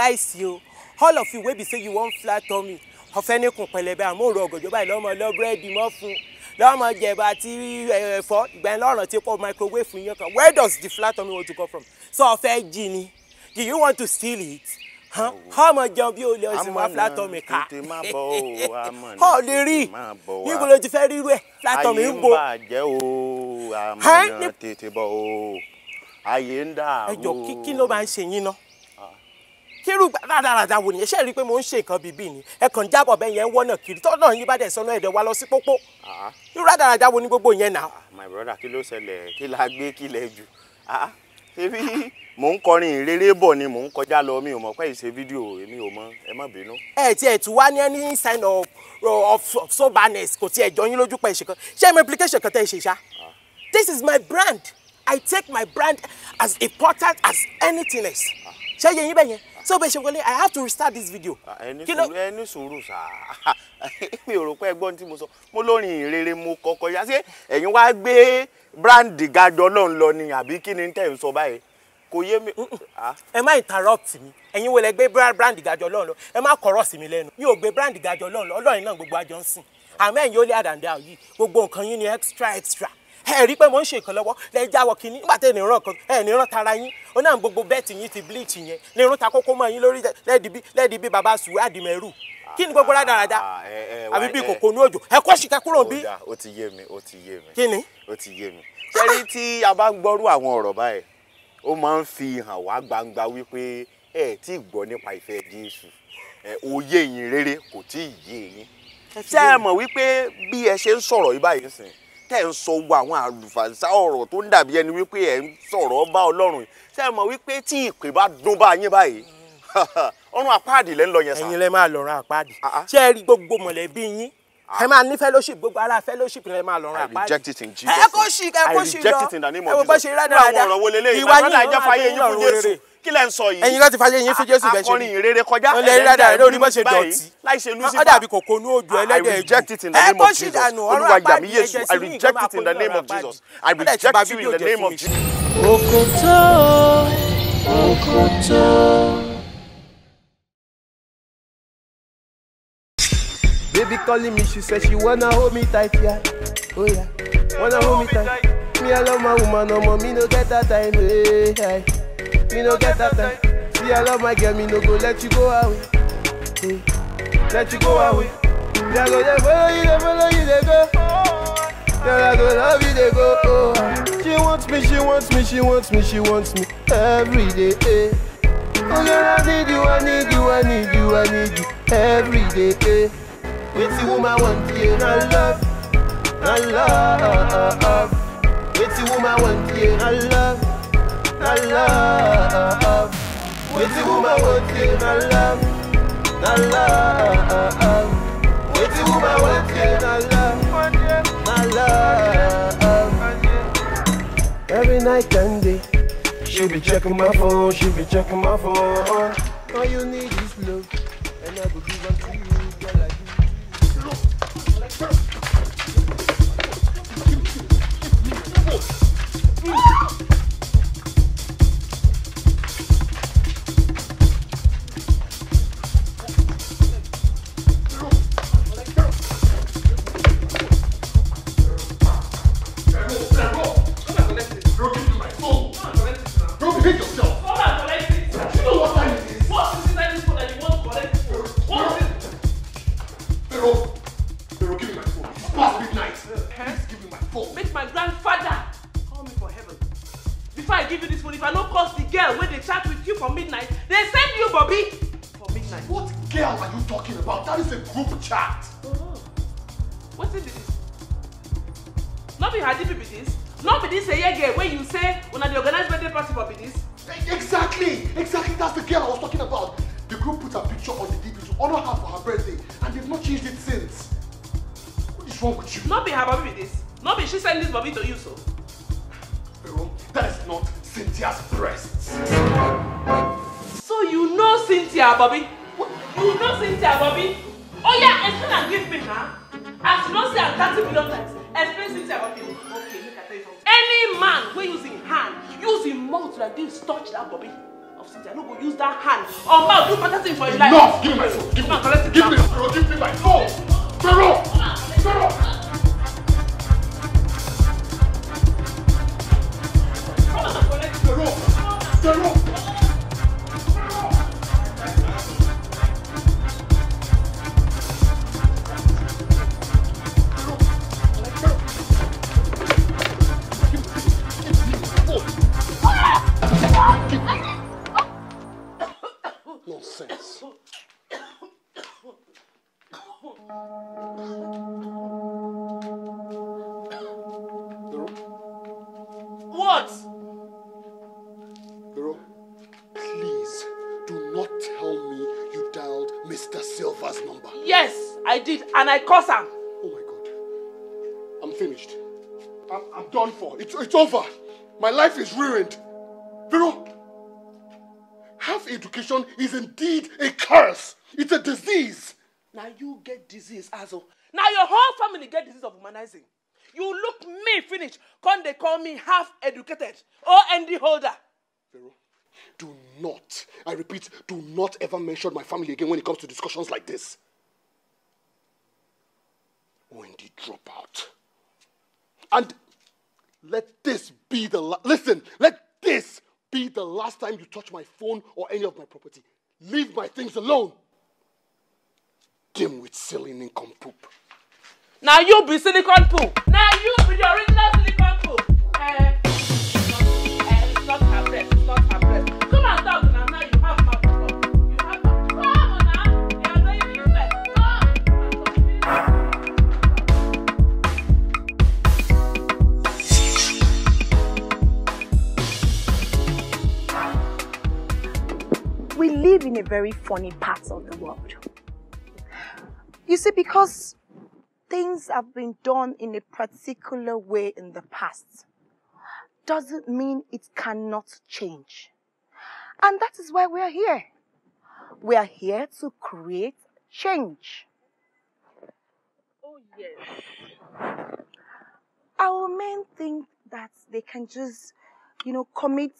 láìsí o all of you wey be say you wan flat tummy ọ̀fẹ́ ní kun pẹlẹbẹ àmúrò ọ̀gànjọ́ báyìí lọ́mọ lọ́búrẹ́dì mọ́ fún lọ́mọ jẹ̀bà àti ẹ̀fọ́ ìgbà yẹn lọ́rọ̀ tí pọ̀ microwave fún yẹn kan where does the flat tummy want to come from so ọ̀fẹ́ jí ni do you want to steal it ọmọ jẹun bí olè ọsìn wá flat tummy ká ọ lè rí níbo ló ti fẹ́ rírú ẹ̀ flat tummy ń bo. ayé ń bàjẹ́ o àmọ́ tètè ayé ń dàrú o. ẹjọ kí kí ló máa ń ṣe yín náà kírú rádaràda wò nìyẹn ṣe rí i pé mo ń ṣe nǹkan bíbí ni ẹ kàn jábọ̀ bẹ́ẹ̀ yẹn ń wọ́nà kiri tọ́nà yín bá dẹ̀ sọnà ẹ̀dẹ̀ wa lọ sí pópó ah, ah. irú rádaràda wo ni gbogbo yẹn nà. Ah, my brother kí ló ṣẹlẹ̀ kí la gbé kí lẹ jù ṣebí mò ń kọrin ìrere bọ̀ ni mò ń kọjá lọ mi ò mọ̀ pé ìṣe fídíò èmi ò mọ̀ ẹ má bínú. ẹ tiẹ̀ tún wá ní any sign of of of soberness kò tiẹ̀ jọ yín lójú pẹ̀ ìṣèkan ṣé mi implication, kan tẹ́ ẹ ṣe ṣá this is my brand i take my brand as important as anything else ṣé yẹ yín bẹ́ẹ̀ yẹn so be ṣe wọlé i have to restart this video. Ah, ẹni suru, sá mi ò rò pé ẹgbọ́n tí mo sọ mo lórin ìrere mo kọ́kọ́ yá ṣé ẹ̀yin wá gbé brandy gajọ náà lọ ni àbí kí ni tẹ̀ ń sọ báyìí kò yé mi. Ah. ẹ má interrupt mi ẹ̀yin wo lẹ gbé brandy gajọ náà lọ ẹ má kọ̀rọ̀ sí mi lẹ́nu mi ò gbé brandy gajọ náà lọ ọlọ́run náà gbogbo àjọ ń sìn àmọ́ ẹ̀yin ó lé àdàndà gbogbo nǹkan yín ni extra extra ẹ rí pé mo ń ṣe nǹkan lọ́wọ́ lẹ jáwọ́ kínní nígbà tẹ́ nìran kan ẹ nìran tara yín ó náà gbogbo bẹ́ẹ̀tì yín ti bleach yẹn nìran ta kókó mọ́ yín lórí lẹ́ẹ̀dì bí lẹ́ẹ̀dì bí baba sùúrù àdìmẹ́rù kí ni gbogbo rádaràda ah, eh, eh, àbí bí eh, kòkó ní òjò ẹ kọ́ ṣìkà kúrò bí. ó ti yé mi ó ti yé mi. kí ni. ó ti yé mi. sẹ́rí tí a bá gbọ́rú àwọn ọ̀rọ̀ báyìí ó máa ń fi hàn wá gbangba wípé ẹ tí ì gbọ́ nípa ìfẹ́ Jésù òye yín rere kò tí ì yé yín. ṣé mọ̀ wípé bí ẹ ṣe ń sọ̀rọ̀ yìí báyìí sìn tẹ́ ń sọ wo àwọn àlùfànṣá ọ̀rọ̀ tó ń dàbí ẹni wípé ẹ̀ ń sọ̀rọ̀ bá ọlọ́run ṣé ẹ mọ̀ wípé tí ìpè bá dún bá yín báyìí ọ̀run àpáàdì lẹ́ ń lọ yẹn sá. ẹ̀yin lẹ máa lọ̀rọ̀ àpáàdì ah, ah. ṣé ẹ rí gbogbo mọ̀lẹ́bí yín ẹ máa ní fellowship gbogbo ara fellowship rẹ máa lọ ràn àpárí. I reject it in Jesus I reject it in the name of Jesus. ìwà yìí ló máa ń lọ rere kí lẹ ń sọ yìí. ẹ̀yin láti fàṣẹ yín fi jésù bẹ ṣe ni akọrin ìrere kọjá ẹlẹ rẹ lórí mọṣẹ dọ̀tí láìṣe lucifer ọdà àbí kòkó ní ojú ẹlẹ́dẹ̀ ẹgbẹ. I reject it in the name of Jesus olúwa gbà mí yéṣu I reject it in the name of Jesus I reject you in the name of Jesus. òkòtó òkòtó. baby calling me, she said she wanna hold me tight, yeah. Oh yeah, wanna hold me tight. Me, I love my woman, no more, me no get that time, hey, eh, eh. hey. Me no get that time. See, I love my girl, me no go let you go away. Hey. Eh. Let you go away. Yeah, go, they follow you, they follow you, they go. Girl, I go love you, they go. Oh. She wants me, she wants me, she wants me, she wants me every day. Hey. Oh girl, I need you, I need you, I need you, I need you every day. Hey. With the woman want you and love, and love. With the woman want you and love, and love. With the woman want you and love, and love. With the woman want you and love, and love. Every night and day, she be checking my phone, she be checking my phone. All you need is love, and I will give it to you. My life is ruined. Vero, half education is indeed a curse. It's a disease. Now you get disease, Azo. Now your whole family get disease of humanizing. You look me finish. Can they call me half educated or ND holder? Vero, do not, I repeat, do not ever mention my family again when it comes to discussions like this. Wendy, drop And let this be the last. Listen, let this be the last time you touch my phone or any of my property. Leave my things alone. Dim with silly nincompoop. Now you be silicon poop. Now you be the original. a very funny part of the world. You see, because things have been done in a particular way in the past doesn't mean it cannot change. And that is why we are here. We are here to create change. Oh, yes. Our men think that they can just, you know, commit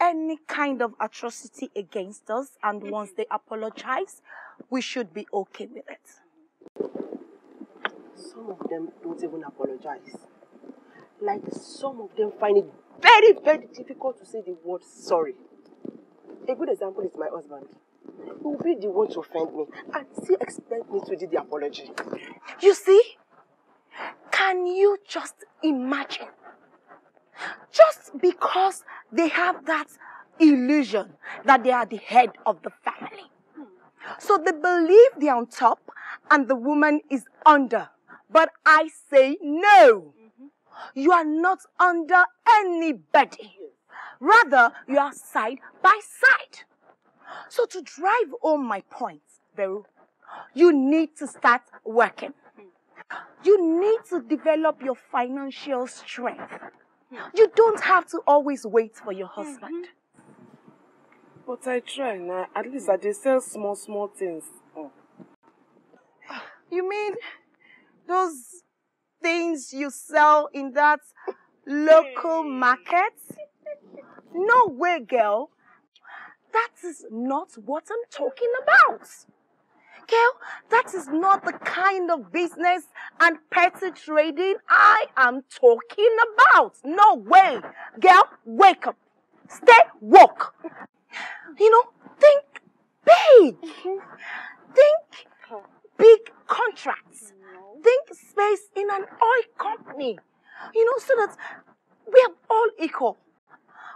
any kind of atrocity against us, and mm-hmm. once they apologize, we should be okay with it. Some of them don't even apologize. Like some of them find it very, very difficult to say the word sorry. A good example is my husband. He will be the one to offend me and still expect me to do the apology. You see, can you just imagine just because they have that illusion that they are the head of the family. So they believe they're on top and the woman is under. But I say no. You are not under anybody. Rather, you are side by side. So to drive home my point, Beru, you need to start working. You need to develop your financial strength. You don't have to always wait for your husband. Mm-hmm. But I try now. At least I they sell small, small things. Oh. You mean those things you sell in that local market? No way, girl. That is not what I'm talking about girl, that is not the kind of business and petty trading I am talking about. No way. Girl, wake up. Stay woke. You know, think big. Mm-hmm. Think big contracts. Think space in an oil company. You know, so that we are all equal.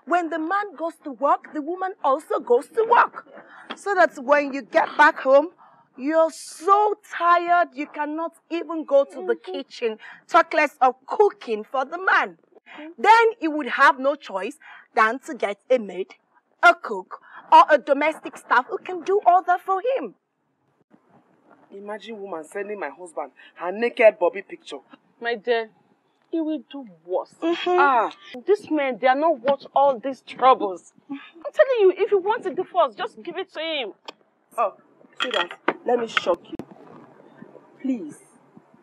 When the man goes to work, the woman also goes to work. So that when you get back home, you're so tired, you cannot even go to the mm-hmm. kitchen, talk less of cooking for the man. Mm-hmm. Then you would have no choice than to get a maid, a cook, or a domestic staff who can do all that for him. Imagine woman sending my husband her naked Bobby picture. My dear, he will do worse. Mm -hmm. Ah, this man, they are not worth all these troubles. Mm-hmm. I'm telling you, if you want a divorce, just give it to him. Oh, see that? Let me shock you. Please,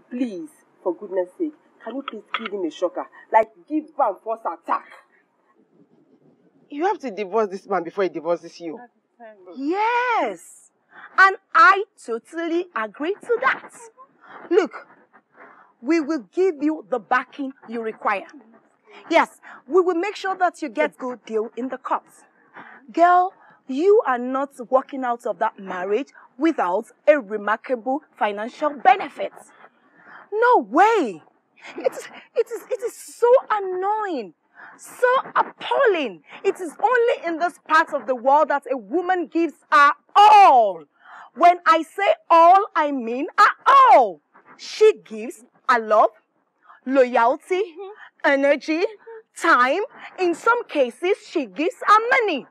please, for goodness sake, can you please give him a shocker? Like, give Van force attack. You have to divorce this man before he divorces you. Yes. And I totally agree to that. Look, we will give you the backing you require. Yes, we will make sure that you get good deal in the courts. Girl, you are not walking out of that marriage without a remarkable financial benefit. No way! It is, it is, it is so annoying, so appalling. It is only in this part of the world that a woman gives her all. When I say all, I mean her all. She gives her love, loyalty, mm-hmm. energy, mm-hmm. time. In some cases, she gives her money.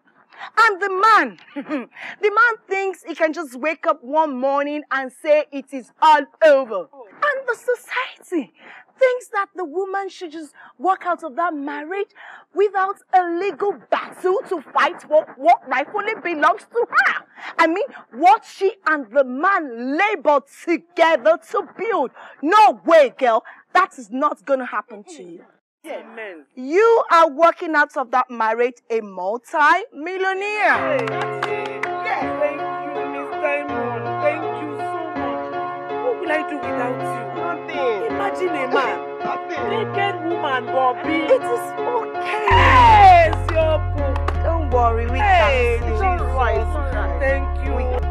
And the man, the man thinks he can just wake up one morning and say it is all over. And the society thinks that the woman should just walk out of that marriage without a legal battle to fight what, what rightfully belongs to her. I mean, what she and the man labored together to build. No way, girl. That is not going to happen to you. Amen. You are walking out of that marriage a multi-millionaire. Yes. Thank you, Miss Diamond. Thank you so much. What will I do without you? Nothing. Imagine a man. Nothing. Naked woman, Bobby. It is okay. Yes, Yoko. Don't worry, we hey, can see. It's all Thank you. We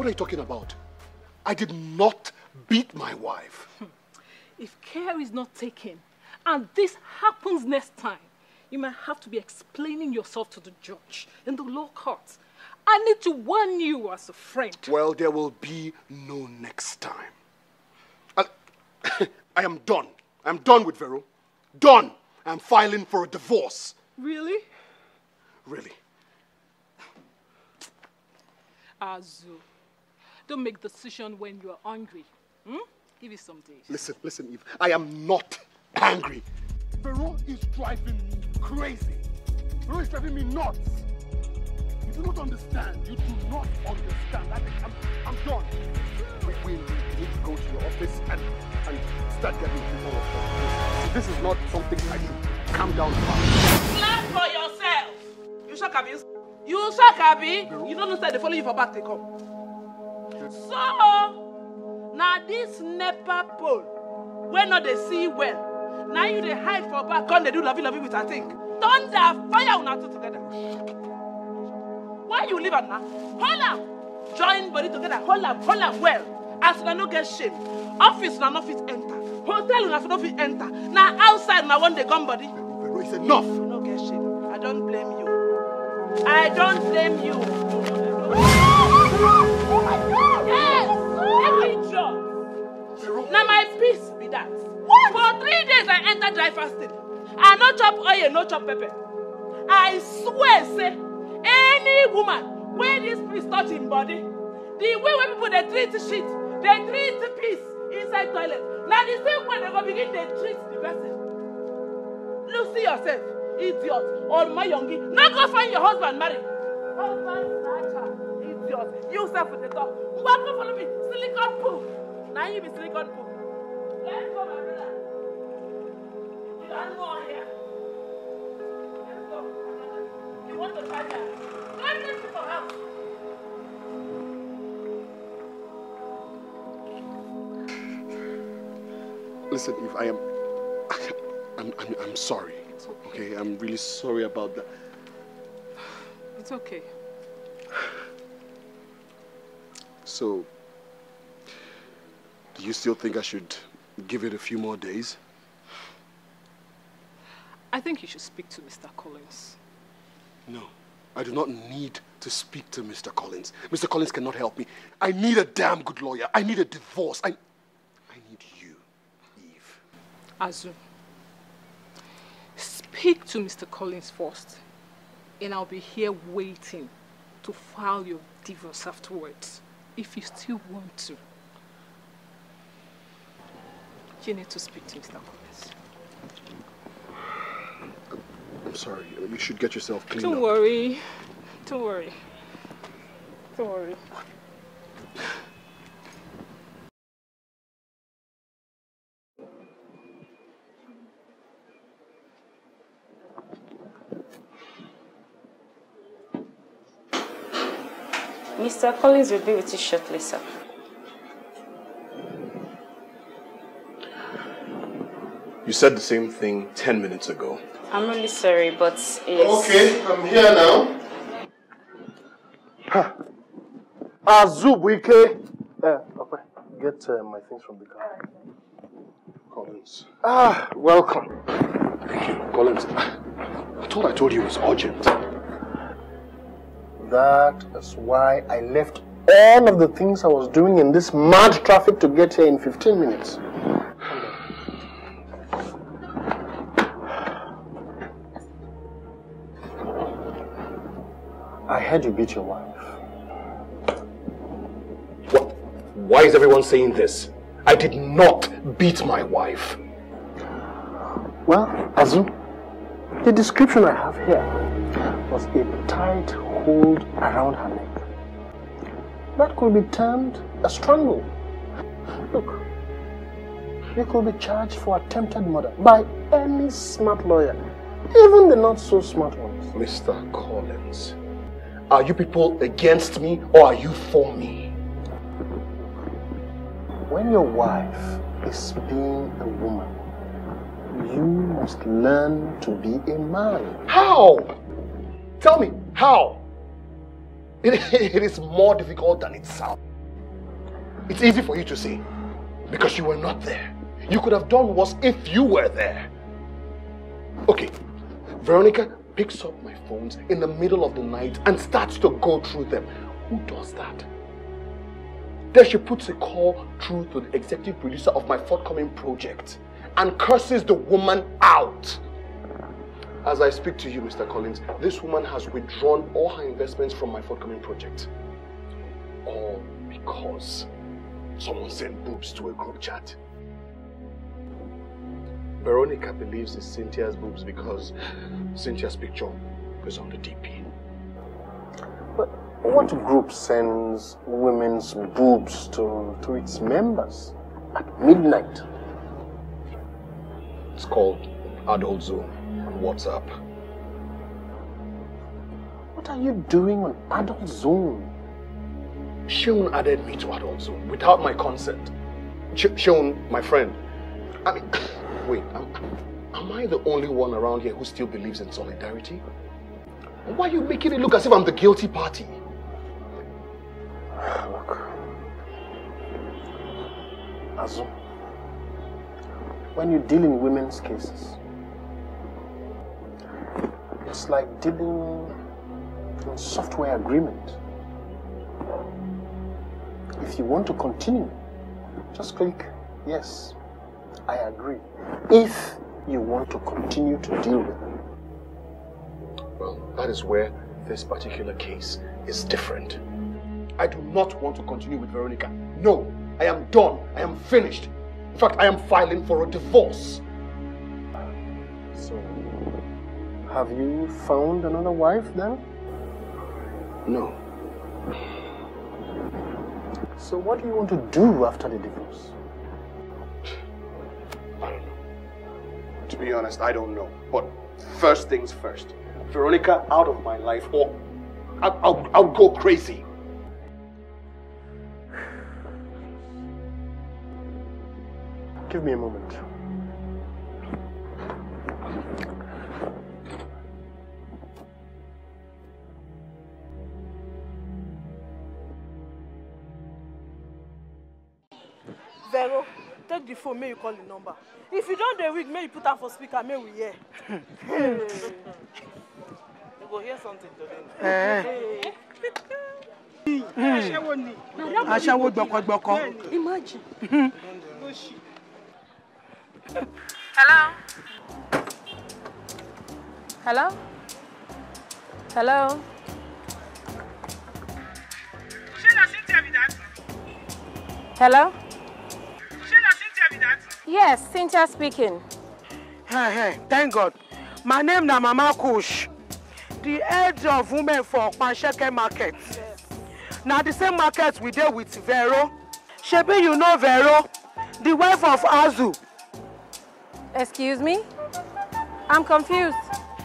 What are you talking about? I did not beat my wife. If care is not taken, and this happens next time, you might have to be explaining yourself to the judge in the law court. I need to warn you as a friend. Well, there will be no next time. I, I am done. I'm done with Vero. Done. I'm filing for a divorce. Really? Really. Azu. Don't make decision when you are angry. Hmm? Give it some days. Listen, listen, Eve. I am not angry. Peru is driving me crazy. Peru is driving me nuts. You do not understand. You do not understand. I think I'm, I'm done. We, we, need to go to your office and, and start getting people off. This is not something I should calm down about. for yourself. You shock, Abi. You shock, Abi. You don't understand. They follow you for back. They come. so now this nepa pole wey not they see well Now you dey hide for back come dey do lovey lovey with her thing thunder fire una two together why you leave her now? hold up, join body together hold up, hold up well as una no get shame office una not fit enter hotel una not fit enter Now outside una wan dey gum body. it's enough. you no get shame i don't blame you i don't blame you. Yes! Every job. Now my peace be that. For three days I enter dry fasting. I no chop oil, no chop pepper. I swear, say, any woman where this priest touch him body, the way where people they treat shit, they treat the peace inside toilet. Now the same one they go begin they treat the person. Look, see yourself, idiot, or my youngie. Now go find your husband, marry. Husband, marry. yours. You self with the talk. Who want to follow me? Silicon pool. Now you be silicon pool. Let me go, my brother. You don't want here. Let's go. You want to try that? Don't let people out. Listen, if I am, I'm, I'm, I'm sorry. Okay. okay, I'm really sorry about that. It's okay. So, do you still think I should give it a few more days? I think you should speak to Mr. Collins. No, I do not need to speak to Mr. Collins. Mr. Collins cannot help me. I need a damn good lawyer. I need a divorce. I, I need you, Eve. Azu, speak to Mr. Collins first, and I'll be here waiting to file your divorce afterwards if you still want to. You need to speak to Mr. Gomez. I'm sorry. You should get yourself cleaned Don't up. worry. Don't worry. Don't worry. Mr. Collins will be with you shortly, sir. You said the same thing 10 minutes ago. I'm really sorry, but it's... Okay, I'm here now. ah, Azubuike! Uh, eh, okay. Get uh, my things from the car. Collins. Ah, welcome. Thank you, Collins. I thought I told you it was urgent. That is why I left all of the things I was doing in this mad traffic to get here in 15 minutes. I heard you beat your wife. What? Why is everyone saying this? I did not beat my wife. Well, Azu, the description I have here was a tight coiled around her neck. That could be termed a strangle. Look, you could be charged for attempted murder by any smart lawyer, even the not so smart ones. Mr. Collins, are you people against me or are you for me? When your wife is being a woman, you must learn to be a man. How? Tell me, how? it, it is more difficult than it sounds. It's easy for you to say, because you were not there. You could have done worse if you were there. Okay, Veronica picks up my phones in the middle of the night and starts to go through them. Who does that? Then she puts a call through to the executive producer of my forthcoming project and curses the woman out. As I speak to you, Mr. Collins, this woman has withdrawn all her investments from my forthcoming project. All because someone sent boobs to a group chat. Veronica believes it's Cynthia's boobs because Cynthia's picture is on the DP. But what group sends women's boobs to, to its members at midnight? It's called Adult Zone what's up. What are you doing on Adult Zone? Shun added me to Adult Zone without my consent. Shun, my friend, I mean, wait, am, am I the only one around here who still believes in solidarity? Why are you making it look as if I'm the guilty party? Look, Azu, when you deal in women's cases, it's like dealing in software agreement. If you want to continue, just click yes, I agree. If you want to continue to deal with them. Well, that is where this particular case is different. I do not want to continue with Veronica. No, I am done. I am finished. In fact, I am filing for a divorce. So have you found another wife then? No. So what do you want to do after the divorce? I don't know. To be honest, I don't know. But first things first. Veronica out of my life or I'll, I'll, I'll go crazy. Give me a moment. vero take the phone May you call the number if you don't dey weak may you put am for speaker May we hear. you go hear something today. Eh, eh. aṣẹ́wó ni. aṣẹ́wó gbọ̀kọ̀gbọ̀kọ̀. imagine. hello. hello. hello. hello? Yes, Cynthia speaking. Hey, hey, thank God. My name na Mama Kush, the head of women for Pansheke market. Yes. Na the same market we dey with Vero. Shebi you know Vero, the wife of Azu. Excuse me? I'm confused.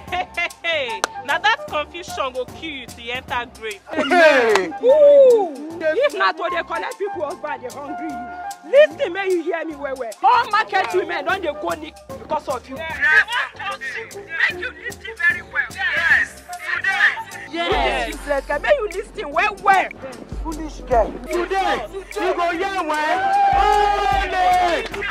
Hey, hey, hey. Now that confusion will kill you to enter grave. Hey! Ooh! If not, to dey collect people husband, They're hungry listen make you hear me well well all market women don dey go nick because of you. i wan you make you lis ten very well. yes today. yes useless girl make you lis ten well well. foolish girl today you go hear well. ooo me.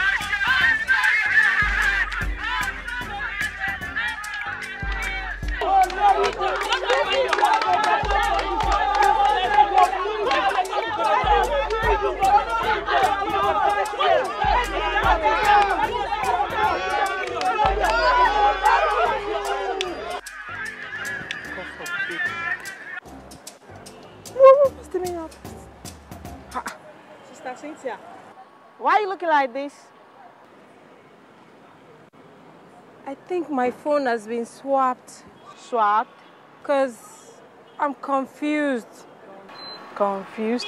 Thank you. Sister Cynthia, why are you looking like this? I think my phone has been swapped. Swapped? Because I'm confused. Confused?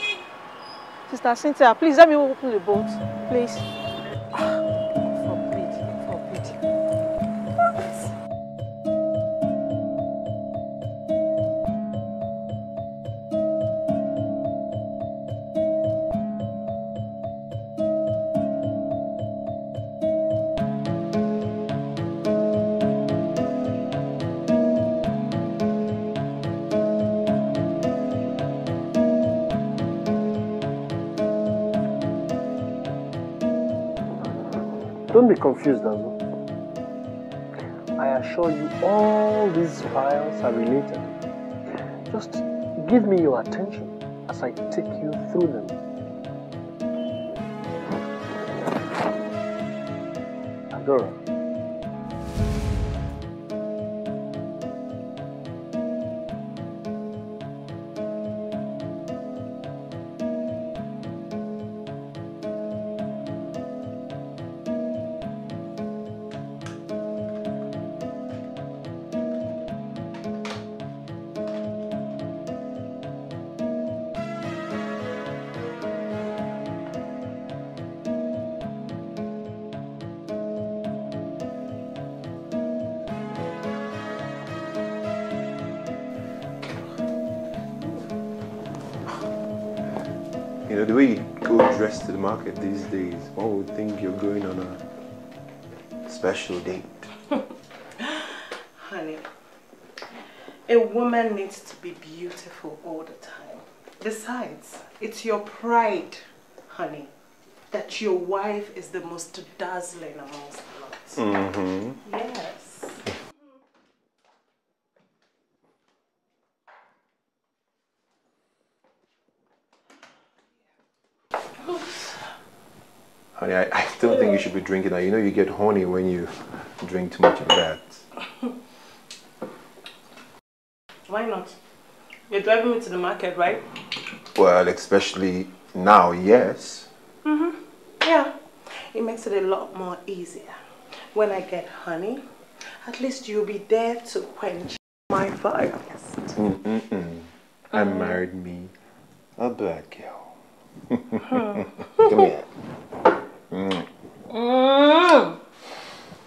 Sister Cynthia, please let me open the boat, please. Ah. Don't be confused, Nazo. I assure you, all these files are related. Just give me your attention as I take you through them. Adora. these days, one would think you're going on a special date. Honey, a woman needs to be beautiful all the time. Besides, it's your pride, honey, that your wife is the most dazzling amongst the lot. Mm -hmm. Yeah. honey, I, I don't think you should be drinking that. You know you get horny when you drink too much of that. Why not? You're driving me to the market, right? Well, especially now, yes. Mm-hmm. Yeah. It makes it a lot more easier. When I get honey, at least you'll be there to quench my fire. Mm -mm -mm. I married me a black girl. Come here. Mm. Mm.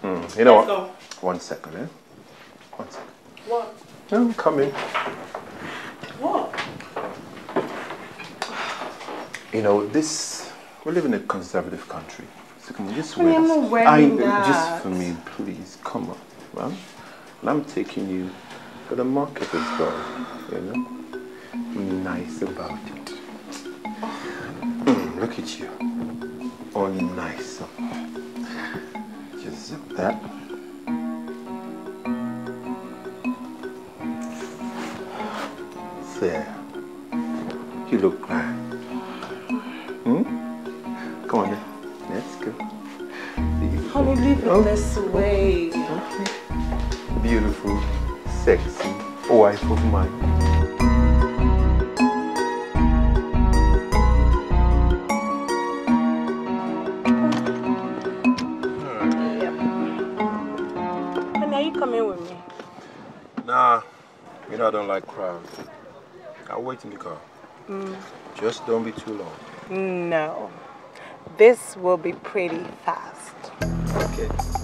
Mm. You know Let's what? Go. One second, eh? One second. What? No, come in. What? You know, this, we live in a conservative country. So come on, just wait. I'm wearing I, that. Just for me, please, come on. Well, I'm taking you to the market as well, you know? nice about it. Mm, look at you only nice. So just zip that. There. You look grand. Hmm? Come on then. Let's go. Beautiful. How we live in oh. this way. Okay. Beautiful, sexy wife of mine. know I don't like crowds. I'll wait in the car. Mm. Just don't be too long. No. This will be pretty fast. Okay.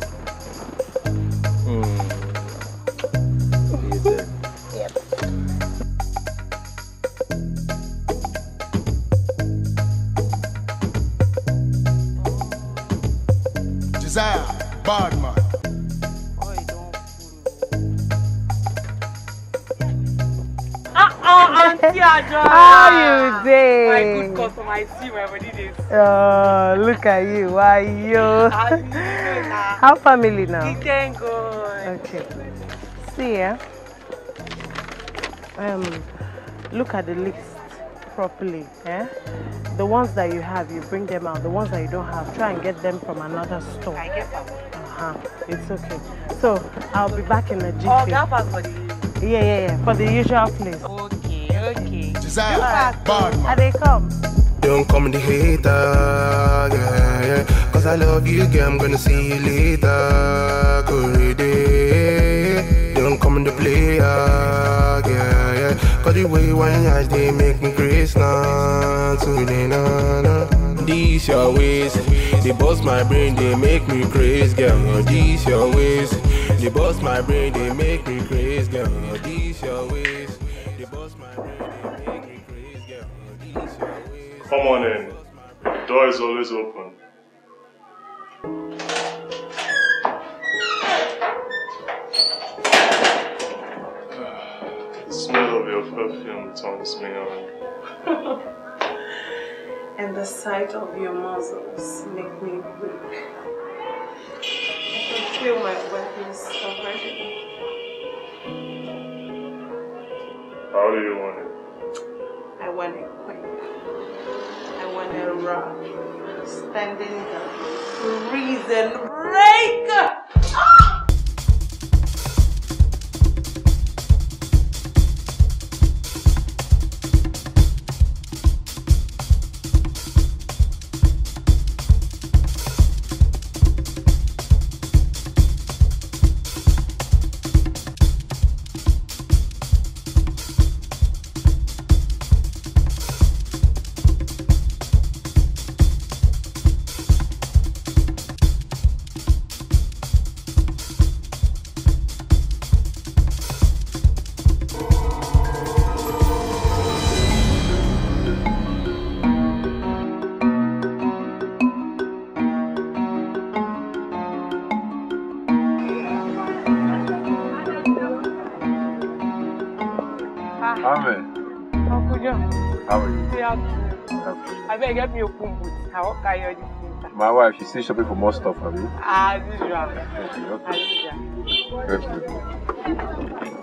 How you doing? Ah, my good customer, I see my body this. Oh, look at you. Why you? How family now? Thank God. Okay. See ya. Eh? Um, look at the list properly. Eh? The ones that you have, you bring them out. The ones that you don't have, try and get them from another store. I get them. Uh-huh. It's okay. So I'll be back in the GK. Oh, that for the. Yeah, yeah, yeah. For the usual place. Okay. Okay. Desire. bad man. Are they come? Don't come the hater, yeah, yeah. Cause I love you, girl. I'm gonna see you later. Corridor. Don't come the player, yeah, yeah. Cause the way you eyes they make me crazy, now. These your ways, they bust my brain, they make me crazy, girl. These your ways, they bust my brain, they make me crazy, girl. These your ways. Come on in. The door is always open. the smell of your perfume turns me on. and the sight of your muscles make me weak. I can feel my weakness already. How do you want it? Rock, standing the prison breaker. she's still shopping for more stuff, have you? As usual. Okay, okay.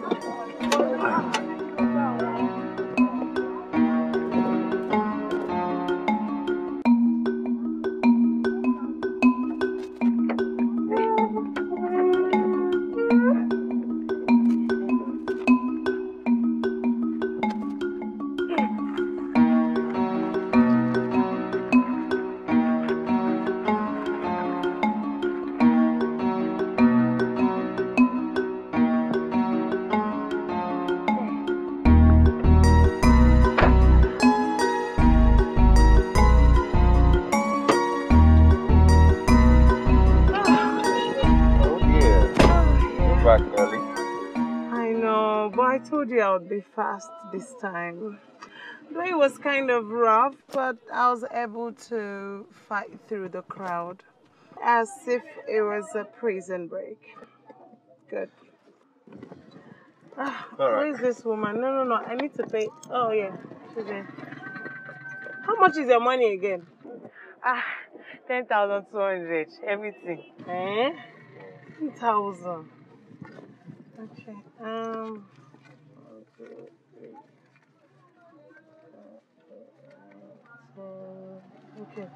this time. Though it was kind of rough, but I was able to fight through the crowd as if it was a prison break. Good. Ah, right. Who is this woman? No, no, no. I need to pay. Oh, yeah. She's there. How much is your money again? Ah, 10,200. Everything. Eh? 10,000. Okay. Um. Okay.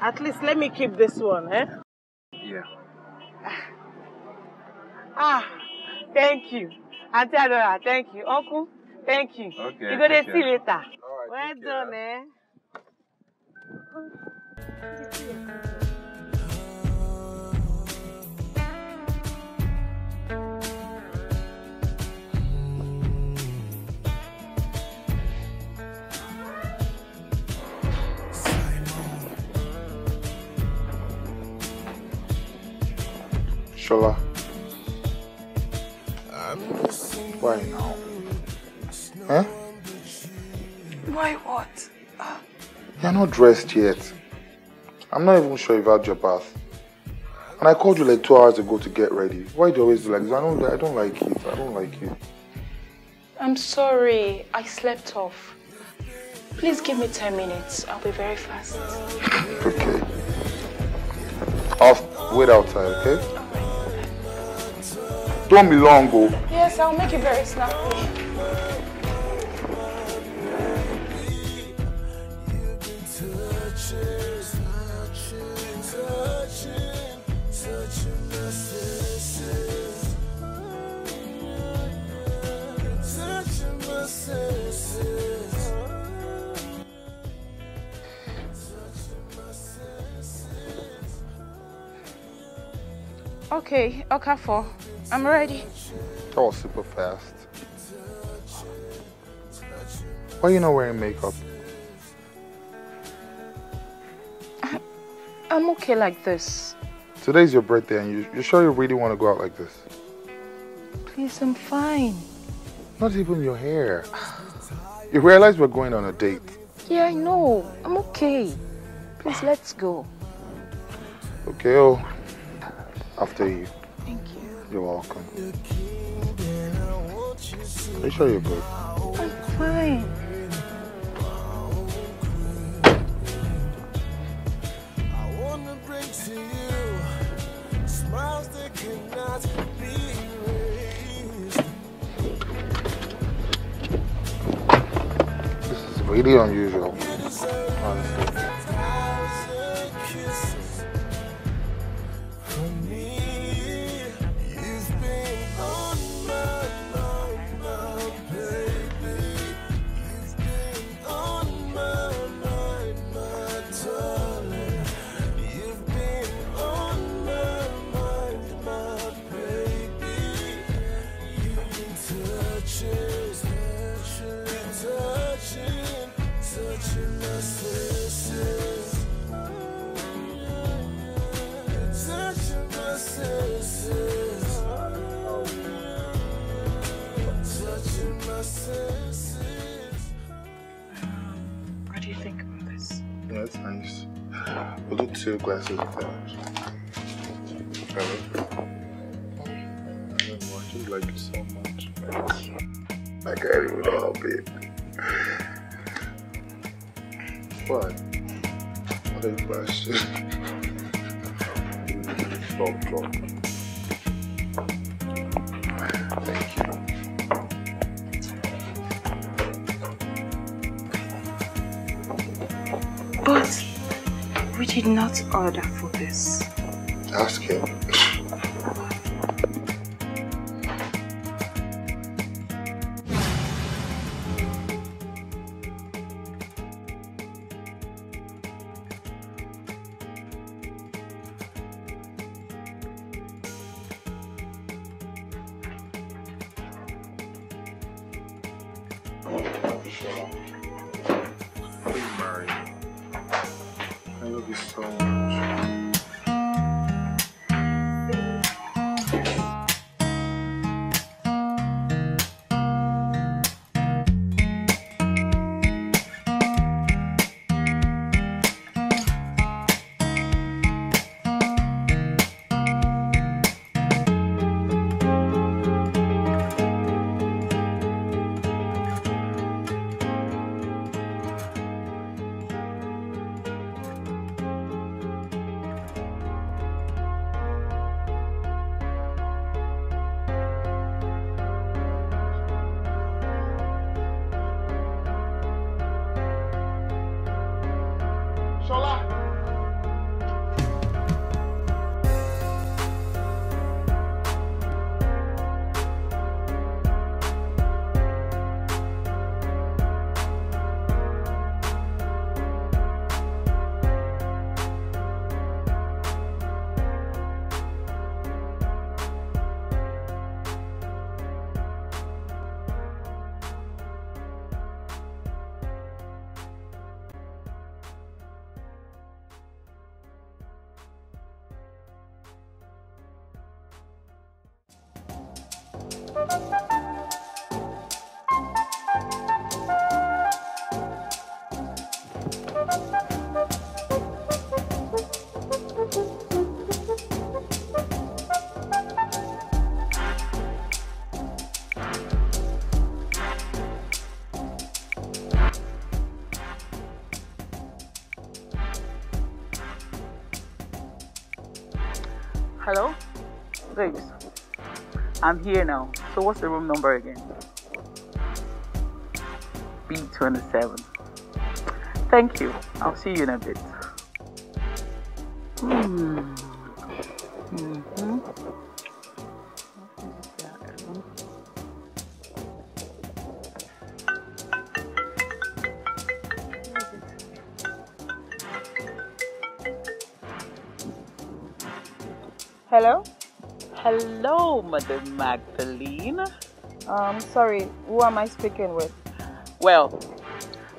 At least let me keep this one, eh? Yeah. Ah, thank you. Auntie Adora, thank you. Uncle, thank you. Okay. You go to see later. All right, well done, care. eh? Shola. Um, Why now? Huh? Why what? Uh, You're not dressed yet. I'm not even sure you've had your bath. And I called you like two hours ago to get ready. Why do you always do like this? I don't, I don't like it. I don't like you. I'm sorry. I slept off. Please give me 10 minutes. I'll be very fast. okay. I'll wait outside, okay? Don't be long, go. Oh. Yes, I'll make it very snappy. Okay, okay for. I'm ready. That oh, was super fast. Why are you not wearing makeup? I, I'm okay like this. Today's your birthday and you, you're sure you really want to go out like this? Please, I'm fine. Not even your hair. You realize we're going on a date. Yeah, I know. I'm okay. Please, let's go. Okay, oh. After you. You're welcome. Are you sure you're good? I'm fine. This is really unusual, honestly. what do you think about this? Yeah, it's nice. We'll do two glasses of that. I've been watching like so much. Like, I can't even help it. What? What a question. Stop, stop. But we did not order for this. Ask him. I'm here now. So what's the room number again? B27. Thank you. I'll see you in a bit. sorry, who am I speaking with? Well,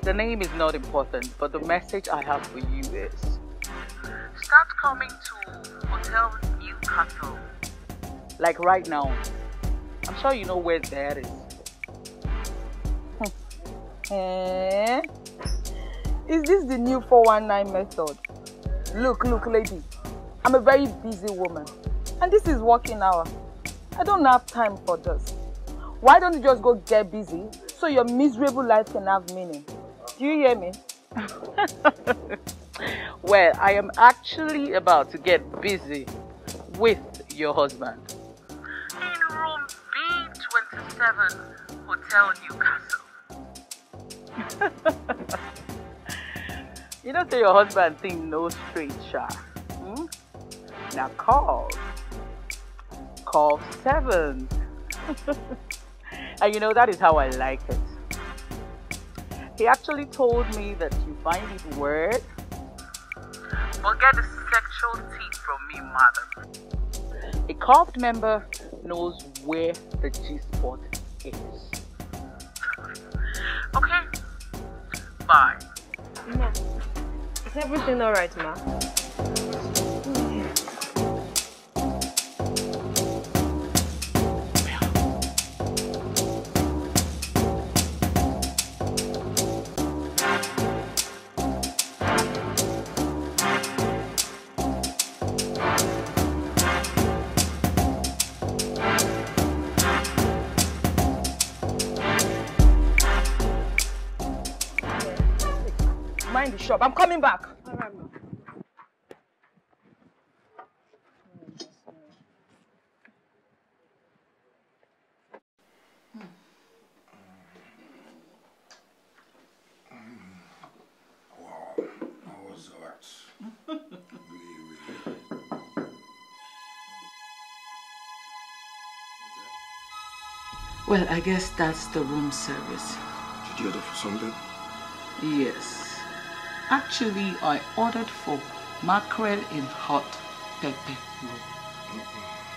the name is not important, but the message I have for you is start coming to Hotel Newcastle. Like right now. I'm sure you know where that is. Hmm. eh? Is this the new 419 method? Look, look, lady. I'm a very busy woman, and this is working hour. I don't have time for this. Why don't you just go get busy so your miserable life can have meaning? Do you hear me? well, I am actually about to get busy with your husband. In room B27, Hotel Newcastle. you don't say your husband thing no straight shot. Hmm? Now call. Call 7. And you know, that is how I like it. He actually told me that you find it weird. But get the sexual tea from me, mother. A carved member knows where the G spot is. Okay. Bye. Is everything alright, ma? shop. I'm coming back. Well, I guess that's the room service. Did you order for something? Yes. Actually, I ordered for mackerel in hot pepper.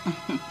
Mm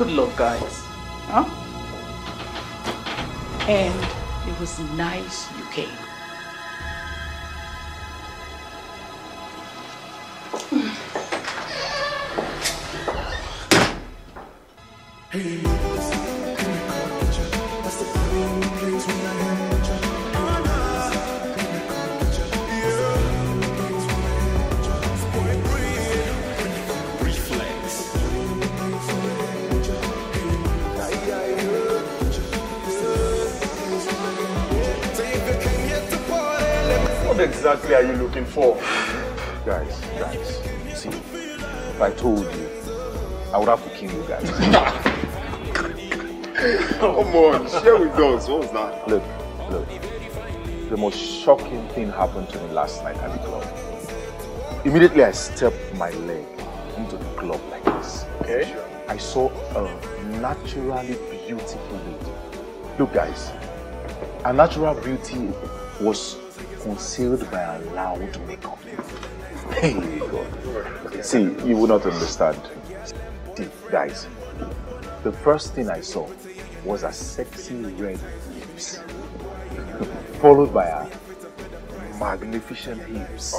Good luck, guys. Huh? And it was nice you came. exactly are you looking for? Guys, guys, see, if I told you, I would have to kill you guys. Come on, share with us. What was that? Look, look. The most shocking thing happened to me last night at the club. Immediately I stepped my leg into the club like this. Okay. I saw a naturally beautiful lady. Look guys, A natural beauty was concealed by a loud makeup. Hey, God. See, you will not understand. See, guys, the first thing I saw was a sexy red lips, followed by a magnificent hips.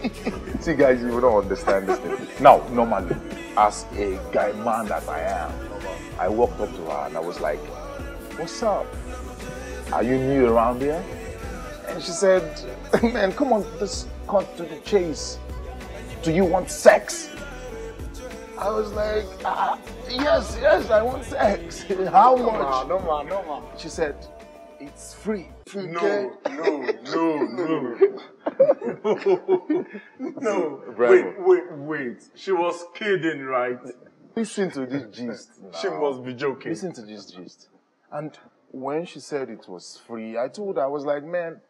See, guys, you would not understand this thing. Now, normally, as a guy man that I am, I walked up to her and I was like, What's up? Are you new around here? And she said, Man, come on, let's cut to the chase. Do you want sex? I was like, ah, Yes, yes, I want sex. How no, much? No, ma, no, ma. She said, It's free. No, no, no, no. no. no. Wait, wait, wait. She was kidding, right? Listen to this gist. Now. She must be joking. Listen to this gist. And when she said it was free, I told her, I was like, man,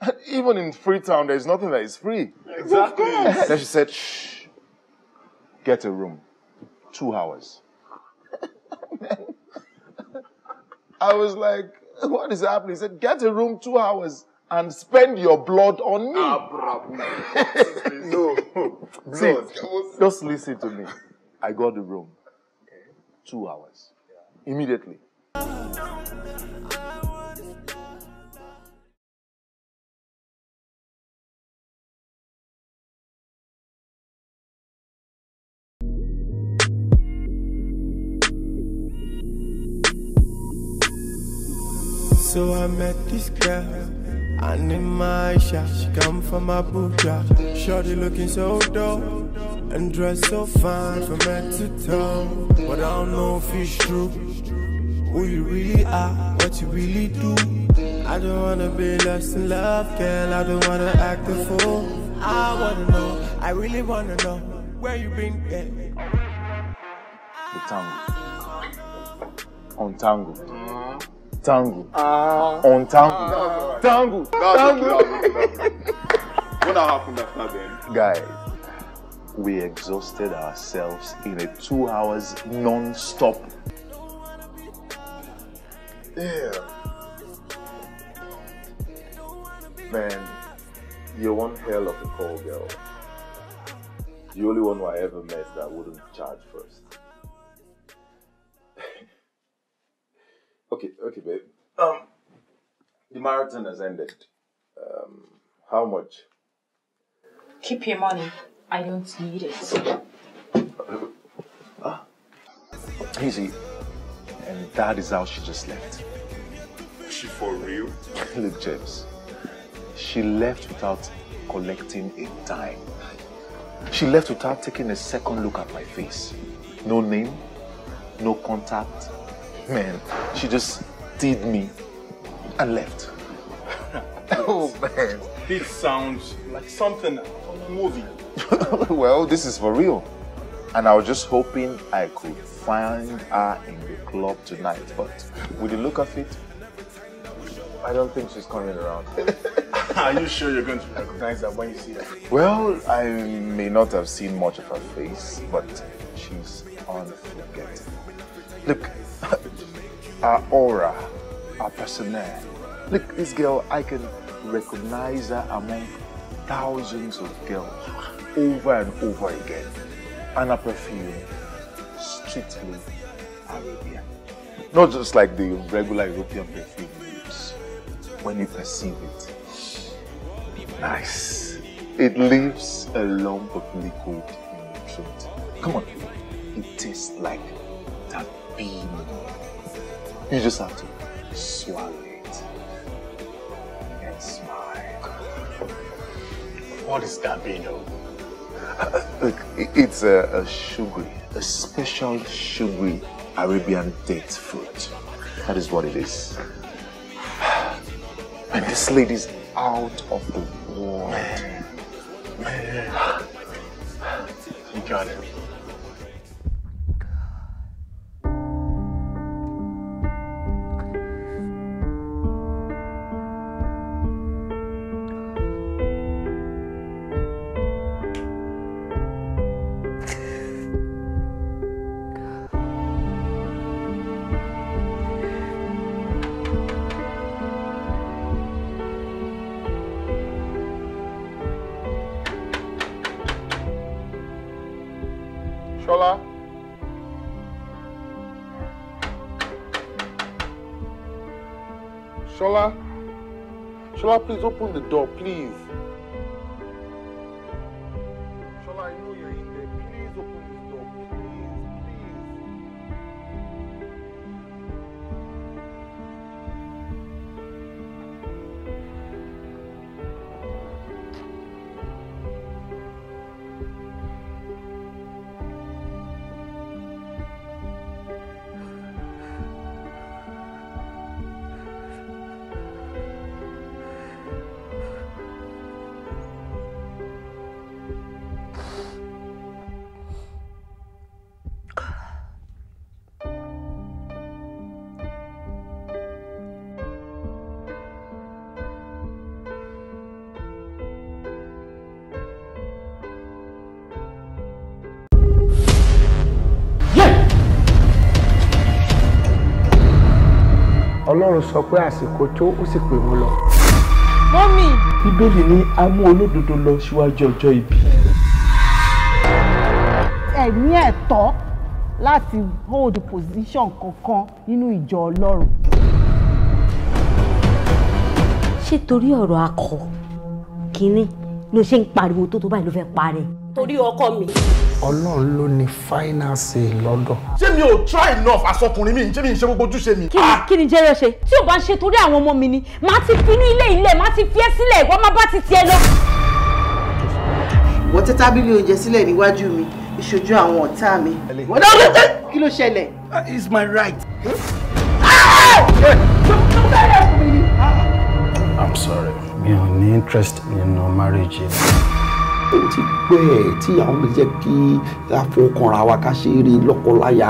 Even in Freetown, there's nothing that is free. Exactly. Then she said, shh, get a room. Two hours. I was like, what is happening? He said, get a room two hours and spend your blood on me. Ah, no. See, just listen to me. I got the room. Two hours. Immediately. So I met this girl. And in my shop, she come from Abuja. Shorty looking so dope and dressed so fine from head to toe. But I don't know if it's true. Who you really are, what you really do. I don't wanna be lost in love, girl. I don't wanna act a fool. I wanna know, I really wanna know where you been, girl. The On tango. Tango. Ah. On Tango. Ah. Tango. Tango. What happened after then? Guys, we exhausted ourselves in a two hours non-stop. Yeah. Man, you're one hell of a call girl. The only one I ever met that wouldn't charge first. Okay, okay, babe. Um, the marathon has ended. Um, how much? Keep your money. I don't need it. Ah. Easy. And that is how she just left. She for real? Look, James. She left without collecting a dime. She left without taking a second look at my face. No name, no contact, man, she just did me and left. oh man. This sounds like something from a movie. well, this is for real. And I was just hoping I could find her in the club tonight, but with the look of it, I don't think she's coming around. Are you sure you're going to recognize her when you see her? Well, I may not have seen much of her face, but she's unforgettable. Look, her aura, her personnel. Look, this girl, I can recognize her among thousands of girls over and over again. And her perfume, strictly Arabian. Not just like the regular European perfume When you perceive it, nice. It leaves a lump of liquid in your throat. Come on, it tastes like that bean. You just have to swallow it and smile. What is that, Bino? look, it's a, a sugary, a special sugary Arabian date fruit. That is what it is. And this lady's out of the world. Man. Man. You got it. please open the door, please. ọlọ́run sọ pé àsìkò tó ó sì pè wọ́n lọ. mọ́mì. bíbélì ní a mú olódodo lọ síwájú ọjọ́ ibi. ẹ ní ẹ̀tọ́ láti hold position kankan nínú ìjọ ọlọ́run. ṣé torí ọ̀rọ̀ akọ kínní ló ṣe ń pariwo tó tó báyìí ló fẹ́ parẹ́. torí ọkọ mi ọlọ́run ló ní final say lọ́dọ̀. ṣé mi ò try enough asọkùnrin mi ṣé mi ń ṣe gbogbo ojúṣe mi. kí ni ah! kí ni jẹ́rẹ́ ṣe tí o bá ń ṣe torí àwọn ọmọ mi ni màá ti finú ilé ilẹ̀ màá ti fi ẹ́ sílẹ̀ ìwọ máa bá ti tiẹ̀ lọ. wọ́n tẹ́ tábìlì oúnjẹ sílẹ̀ níwájú mi ìṣojú àwọn ọ̀tá mi. wọ́n náà ló dé kí ló ṣẹlẹ̀. Ah, it's my right. Ah, I'm sorry mi ò ní interest nínú marriage yìí ó ti pẹ́ tí àwọn mi jẹ́ kí afọkànra wa ká ṣe eré lọ́kọláya.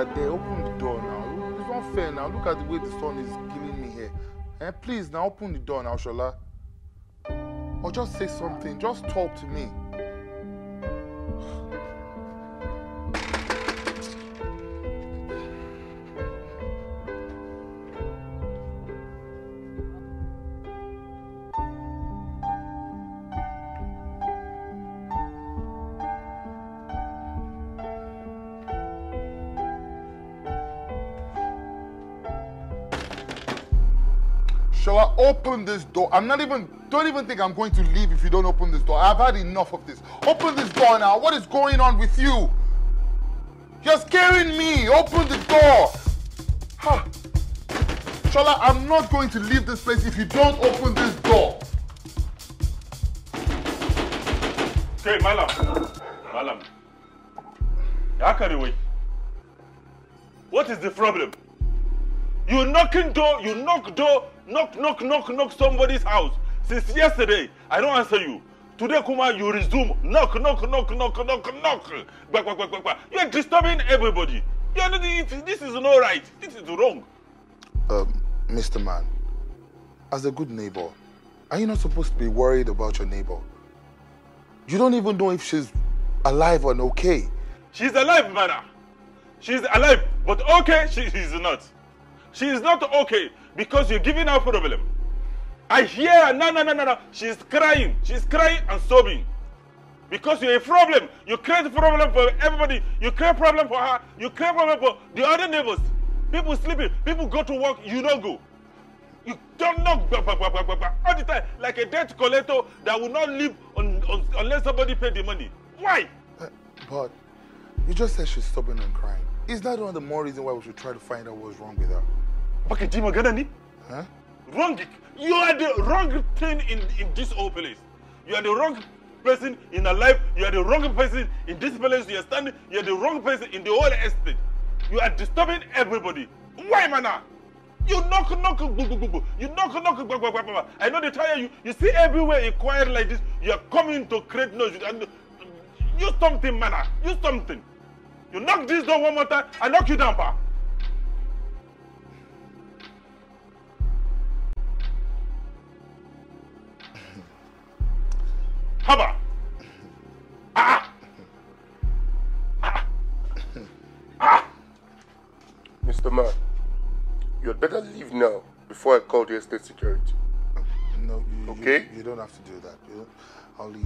are there, open the door now. It's not fair now. Look at the way the sun is killing me here. Eh? Please now open the door now, Shola. Or just say something. Just talk to me. Open this door. I'm not even, don't even think I'm going to leave if you don't open this door. I've had enough of this. Open this door now. What is going on with you? You're scaring me. Open the door. Huh. Shola, I'm not going to leave this place if you don't open this door. Okay, malam. Malam. Ya What is the problem? You knocking door, you knock door, knock, knock, knock, knock somebody's house. Since yesterday, I don't answer you. Today, Kuma, you resume. Knock, knock, knock, knock, knock, knock. Back, back, back, back, back. You are disturbing everybody. You are not, this is not right. This is wrong. Um, Mr. Man, as a good neighbor, are you not supposed to be worried about your neighbor? You don't even know if she's alive and okay. She's alive, Mana. She's alive, but okay, she is not. She is not okay because you're giving her problem. I hear her, no, no, no, no, no. She's crying. She's crying and sobbing. Because you're a problem. You create a problem for everybody. You create a problem for her. You create a problem for the other neighbors. People sleeping. People go to work. You don't go. You don't knock blah, blah, blah, all the time like a debt collector that will not live on, on, unless somebody pay the money. Why? Uh, but you just said she's stubborn and crying. Is that one the more reason why we should try to find out what's wrong with her? Okay, Jim, Huh? Wrong. You are the wrong thing in, in this whole place. You are the wrong person in the life. You are the wrong person in this place. You are standing. You are the wrong person in the whole estate. You are disturbing everybody. Why, mana? You knock, knock, boo, boo, boo, boo. You knock, knock, boo, boo, boo, boo. I know they tire you. You see everywhere in choir like this. You are coming to create noise. And use something, mana. Use something. You knock this door one more time, I knock you down, pa. Haba. Ah. Ah. Ah. ah. Mr. Man, you had better leave now before I call the estate security. No, you, okay? you, you don't have to do that. I'll leave.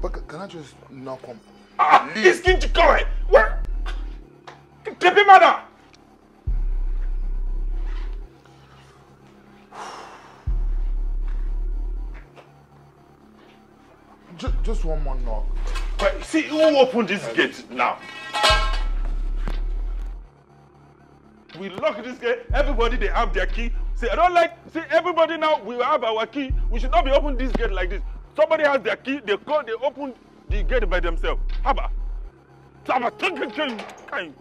But can I just knock on Ah, Leave. It's going to come. Eh? Where? Tepe mother. Just, just one more knock. But see, who opened this gate now? We lock this gate. Everybody, they have their key. See, I don't like. See, everybody now, we have our key. We should not be opening this gate like this. Somebody has their key. They call. They open. degrade by themselves. Haba. Haba, tankin kind.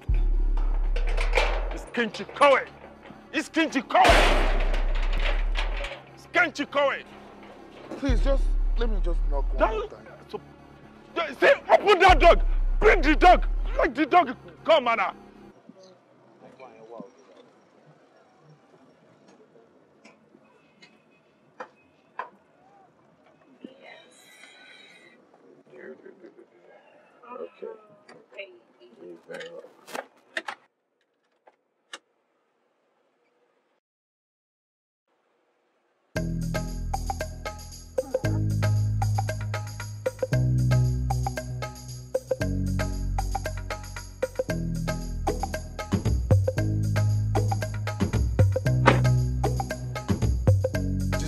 It's kawai. Iskinchi kawai. Iskinchi kawai. Please, just let me just knock one that, time. So, say, open that dog. Bring the dog. Let the dog come, Anna.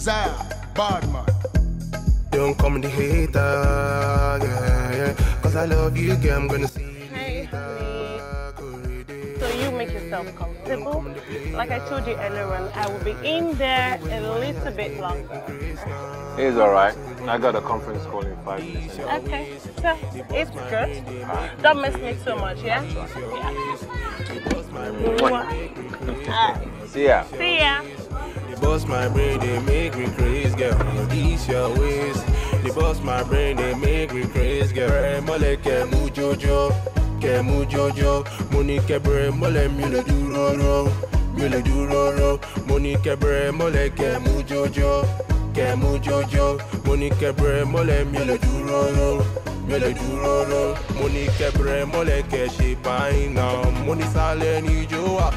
Don't come yeah, yeah. Cause I love you, girl, I'm gonna see So you make yourself comfortable. Like I told you earlier I will be in there a little bit longer. It's alright. I got a conference call in five minutes. Okay, so it's good. Right. Don't miss me too much, yeah? Yeah. Mwah. Right. See ya. See ya bust my brain, they make me crazy, girl. These your ways. They bust my brain, they make me crazy, girl. Mole ke mu jojo, ke mu jojo. Money ke brain, mole mu le do ro ro, mu le do ro ro. Money ke brain, mole ke mu jojo, ke mu jojo. Money ke brain, mole mu le do ro ro mi lè dúró ló. mo ní kẹ́ brẹ́ mọ́lẹ̀ kẹ́ ṣe báyìí náà mo ní sálẹ̀ níjó wà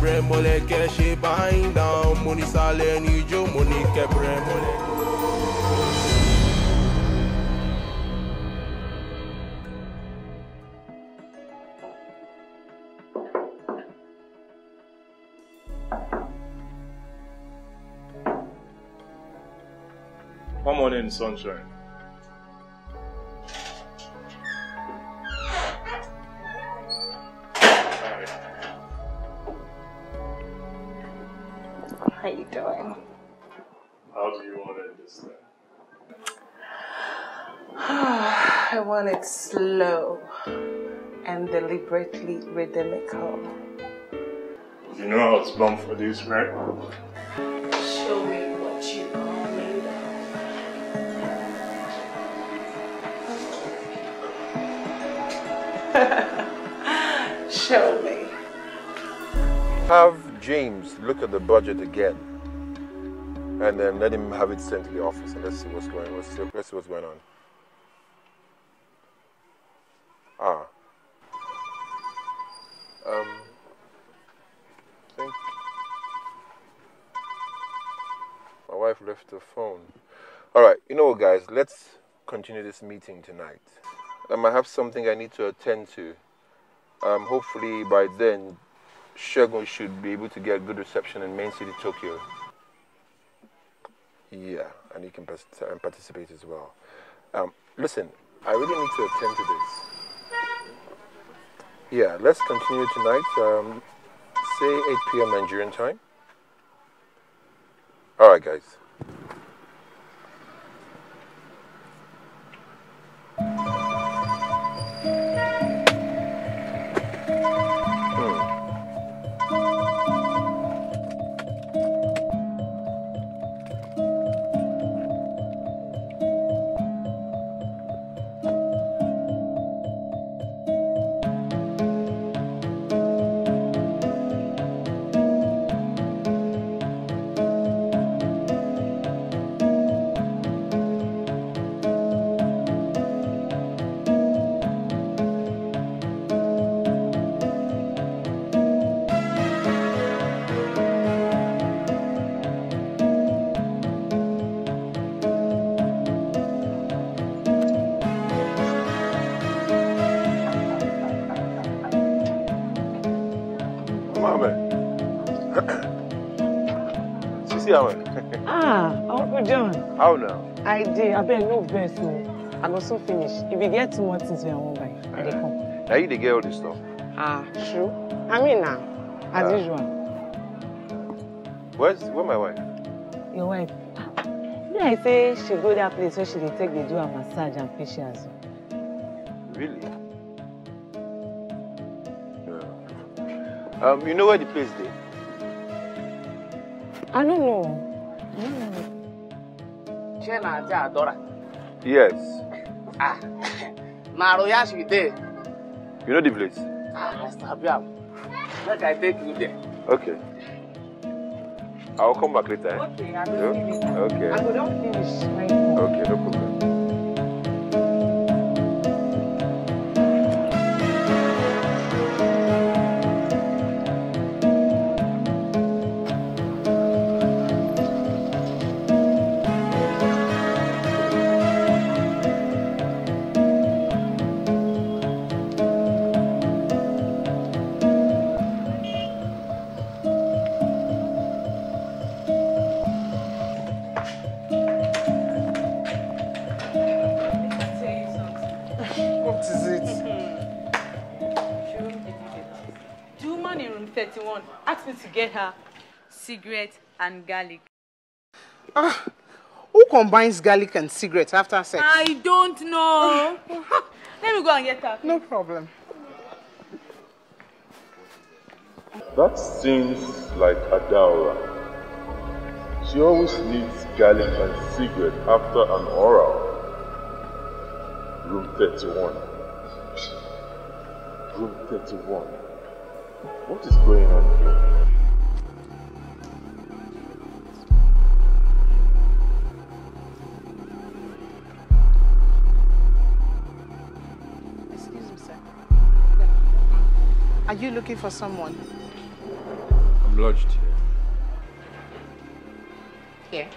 brẹ́ mọ́lẹ̀ kẹ́ ṣe báyìí náà mo ní sálẹ̀ níjó mo ní kẹ́ brẹ́ mọ́lẹ̀. Come on in, sunshine. want it slow and deliberately rhythmical. You know I was born for this, right? Show me what you are made of. Show me. Have James look at the budget again and then let him have it sent to the office and let's see what's going on. let's see what's going on. Ah. Um. Think. My wife left the phone. All right. You know what, guys? Let's continue this meeting tonight. Um, I have something I need to attend to. Um, hopefully by then, Shogun should be able to get good reception in main city Tokyo. Yeah, and you can participate as well. Um, listen, I really need to attend to this. Yeah, let's continue tonight. Um, say 8 p.m. Nigerian time. All right, guys. Ah, how you doing? How now? I did. I beg no vex o. I go soon finish. If you get too much, things wey I wan buy, I dey eh, come. Na you dey get all the stuff? Ah, true. I mean na, as ah. usual. Where's where my wife? Your wife? Be I say she go that place where she dey take dey do her massage and facials. Really? Yeah. Um, you know where the place is? I don't know. Shey na aunty Adora? Yes. Ah, na she dey. You know the place? Ah, I stab am. I take you there. Okay. I'll come back later. Eh? Okay, I will yeah? finish. Okay. I will not finish. Okay, no problem. cigarette, and garlic. Ah, who combines garlic and cigarette after sex? I don't know. Oh. Let me go and get her. No problem. That seems like Adaura. She always needs garlic and cigarette after an oral. Room 31. Room 31. What is going on here? Are you looking for someone? I'm lodged here. Here?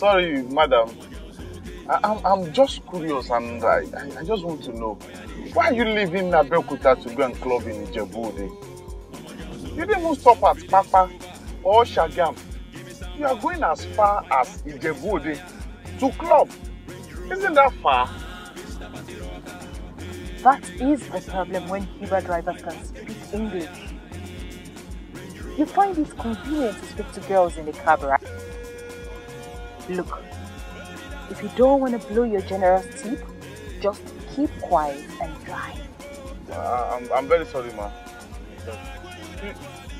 sorry, madam. I, am just curious and I, I, just want to know why are you leaving Abeokuta to go and club in Ijebuode? You didn't stop at Papa or Shagam. You are going as far as Ijebuode to club. Isn't that far? That is the problem when Uber drivers can speak English. You find it convenient to speak to girls in the cab, right? Look, if you don't want to blow your generous tip, just keep quiet and drive. I'm, I'm very sorry, ma.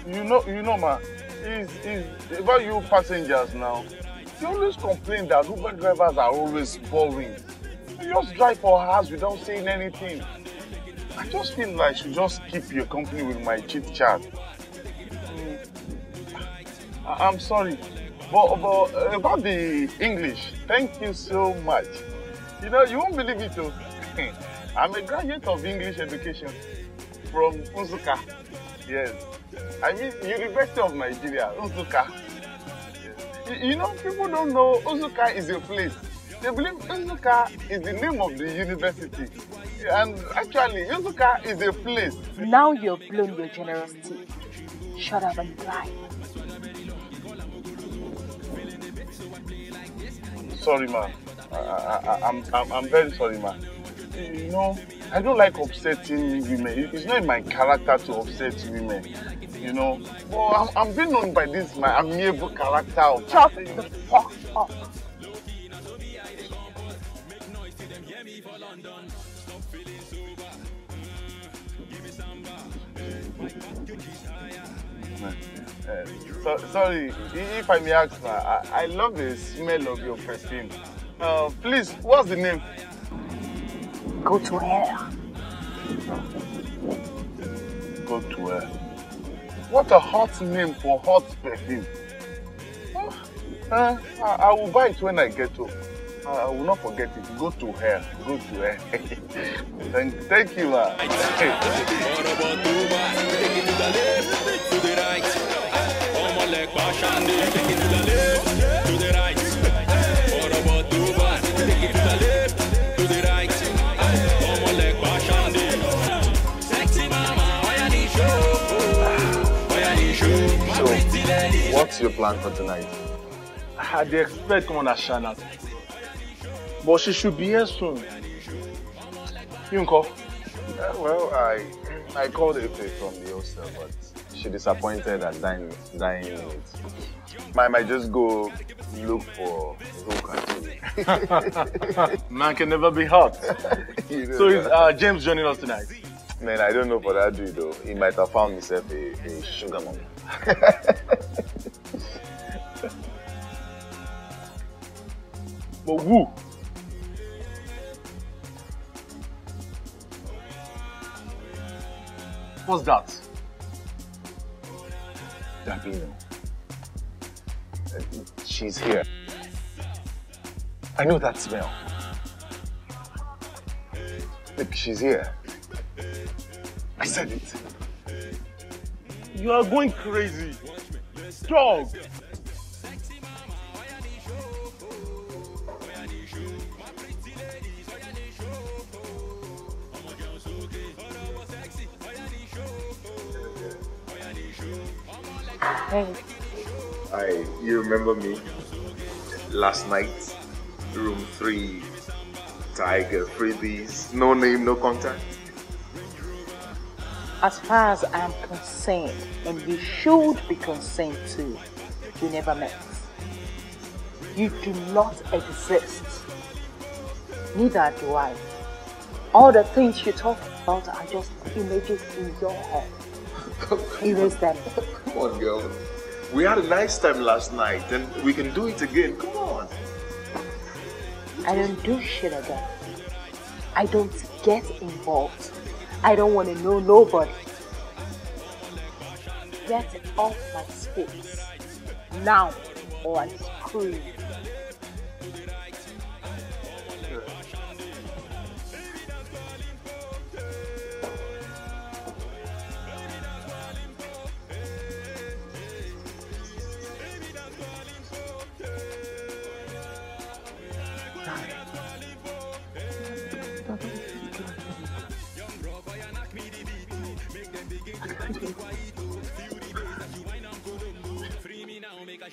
You, you know, you know, ma. Is about you passengers now? You always complain that Uber drivers are always boring. You just drive for hours without saying anything. I just feel like I should just keep your company with my chit chat. Mm. I'm sorry. But, but uh, about the English, thank you so much. You know, you won't believe it though. Oh. I'm a graduate of English education from Uzuka. Yes. I mean, University of Nigeria, Uzuka. Yes. You, know, people don't know Uzuka is a place. They believe Uzuka is the name of the university. And actually, Uzuka is a place. Now you're blown your generosity. Shut up and drive. sorry, ma, I, I, I'm, I'm, I'm very sorry, ma. You know, I don't like upsetting women. It's not in my character to upset women. You know, well, I'm, I'm being known by this my amiable character. Of Shut the fuck up. Man so, sorry, if I may ask, I, I love the smell of your perfume. Uh, please, what's the name? Go to hell. Go to hell. What a hot name for hot perfume. uh, I, I will buy it when I get home. I will not forget it. Go to her. Go to her. thank, thank you, ma. like Bosch and Dave. Take it to the left, to the right. What about Dubai? Take it to the left, to the right. Come on like Bosch and Dave. Sexy mama, why are you show? Why are you show? My What's your plan for tonight? I dey expect one Ashana. But she should be here soon. Yunko. Uh, well, I I called it from the hostel, but she disappointed at dying, dying minutes. I might just go look for hook Man can never be hot. so is uh, James joining us tonight? Man, I don't know for that dude though. He might have found himself a, a sugar mama. but woo. What's that? Davina. She's here. I know that smell. Look, she's here. I said it. You are going crazy. Dog, Hey. I, you remember me? Last night, room three, Tiger, freebies, no name, no contact. As far as I'm concerned, and you should be concerned too, you never met. You do not exist. Neither do I. All the things you talk about are just images in your head. Erase them. Come on, girl. We had a nice time last night and we can do it again. Come on. I don't do shit again. I don't get involved. I don't want to know nobody. Get off my space. Now or I scream.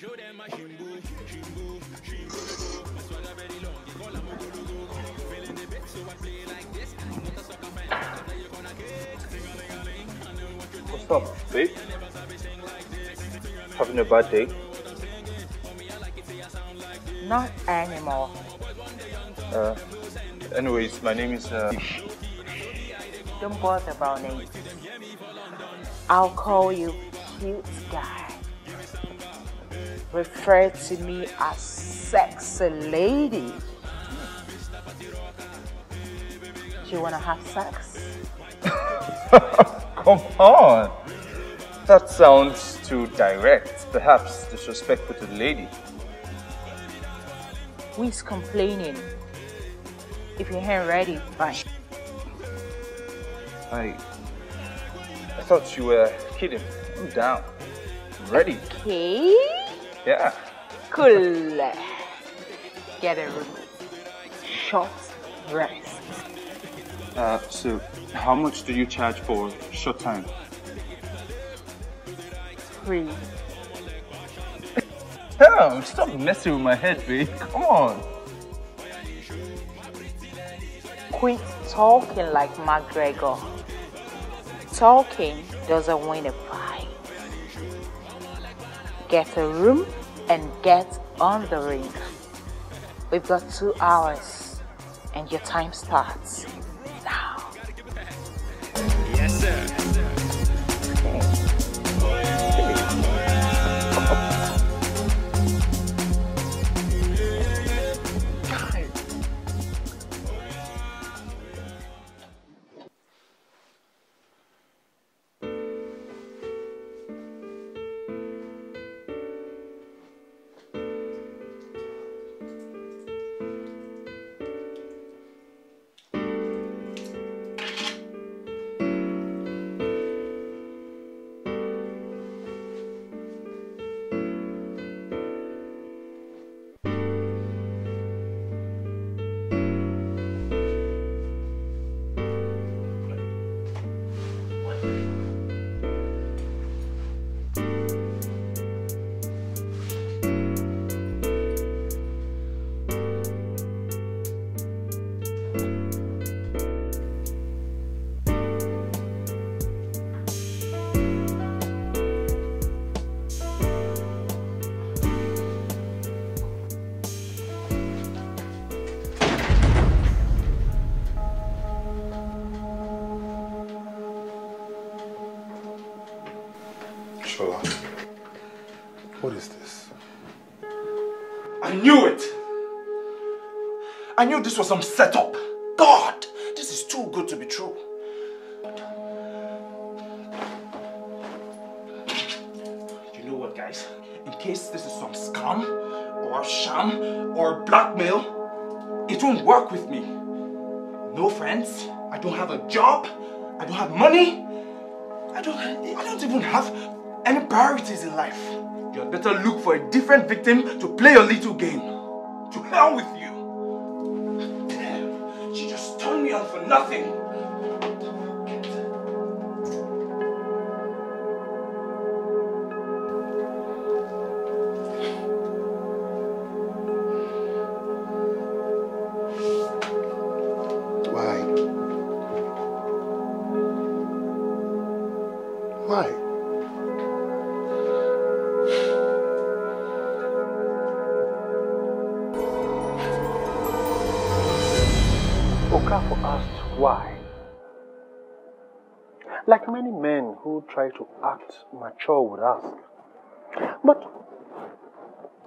I show them shimbo, shimbo, shimbo. My swagger very long, call a Feeling the bit, so I play like this. am not a fan, I you gonna kick. Sing-a-ling-a-ling, I know what you think. What's up, babe? Having a bad day? Not anymore. Uh, anyways, my name is. Uh... Don't bother about names. I'll call you cute guy. Refer to me as sexy lady. Do you want to have sex? Come on. That sounds too direct, perhaps disrespectful to the lady. Who is complaining? If you are here, ready, fine. I. I thought you were kidding. I'm down. I'm ready. Okay. Yeah. Cool. Get a room. Short rest. Uh, so, how much do you charge for short time? Three. Damn, stop messing with my head, babe. Come on. Quit talking like McGregor. Talking doesn't win a fight. Get a room and get on the ring. We've got two hours and your time starts. I knew this was some setup. God, this is too good to be true. You know what, guys? In case this is some scam, or sham, or blackmail, it won't work with me. No friends, I don't have a job, I don't have money, I don't, I don't even have any priorities in life. you had better look for a different victim to play your little game. To hell with you. me up for nothing. try to act mature would ask. But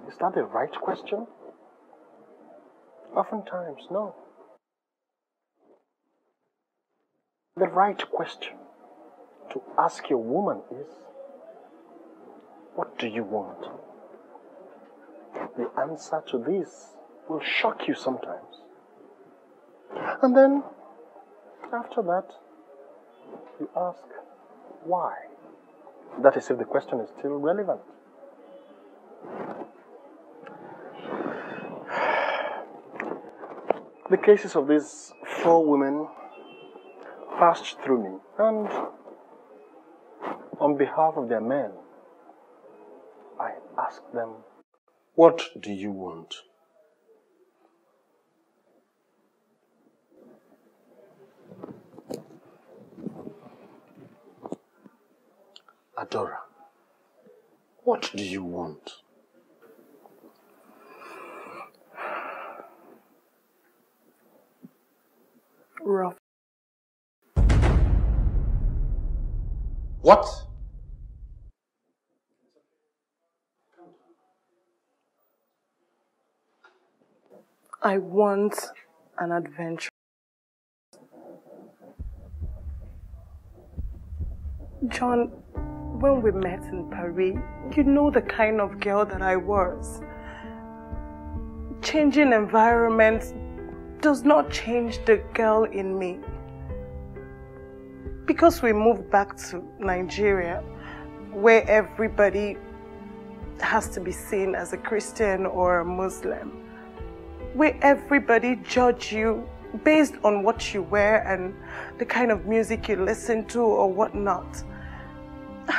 is that the right question? Oftentimes, no. The right question to ask your woman is, What do you want? The answer to this will shock you sometimes. And then, after that, you ask, why? That is if the question is still relevant. The cases of these four women passed through me, and on behalf of their men, I asked them, What do you want? Adora, what do you want? Rough. What? I want an adventure. John, when we met in Paris, you know the kind of girl that I was. Changing environments does not change the girl in me. Because we moved back to Nigeria, where everybody has to be seen as a Christian or a Muslim, where everybody judge you based on what you wear and the kind of music you listen to or whatnot.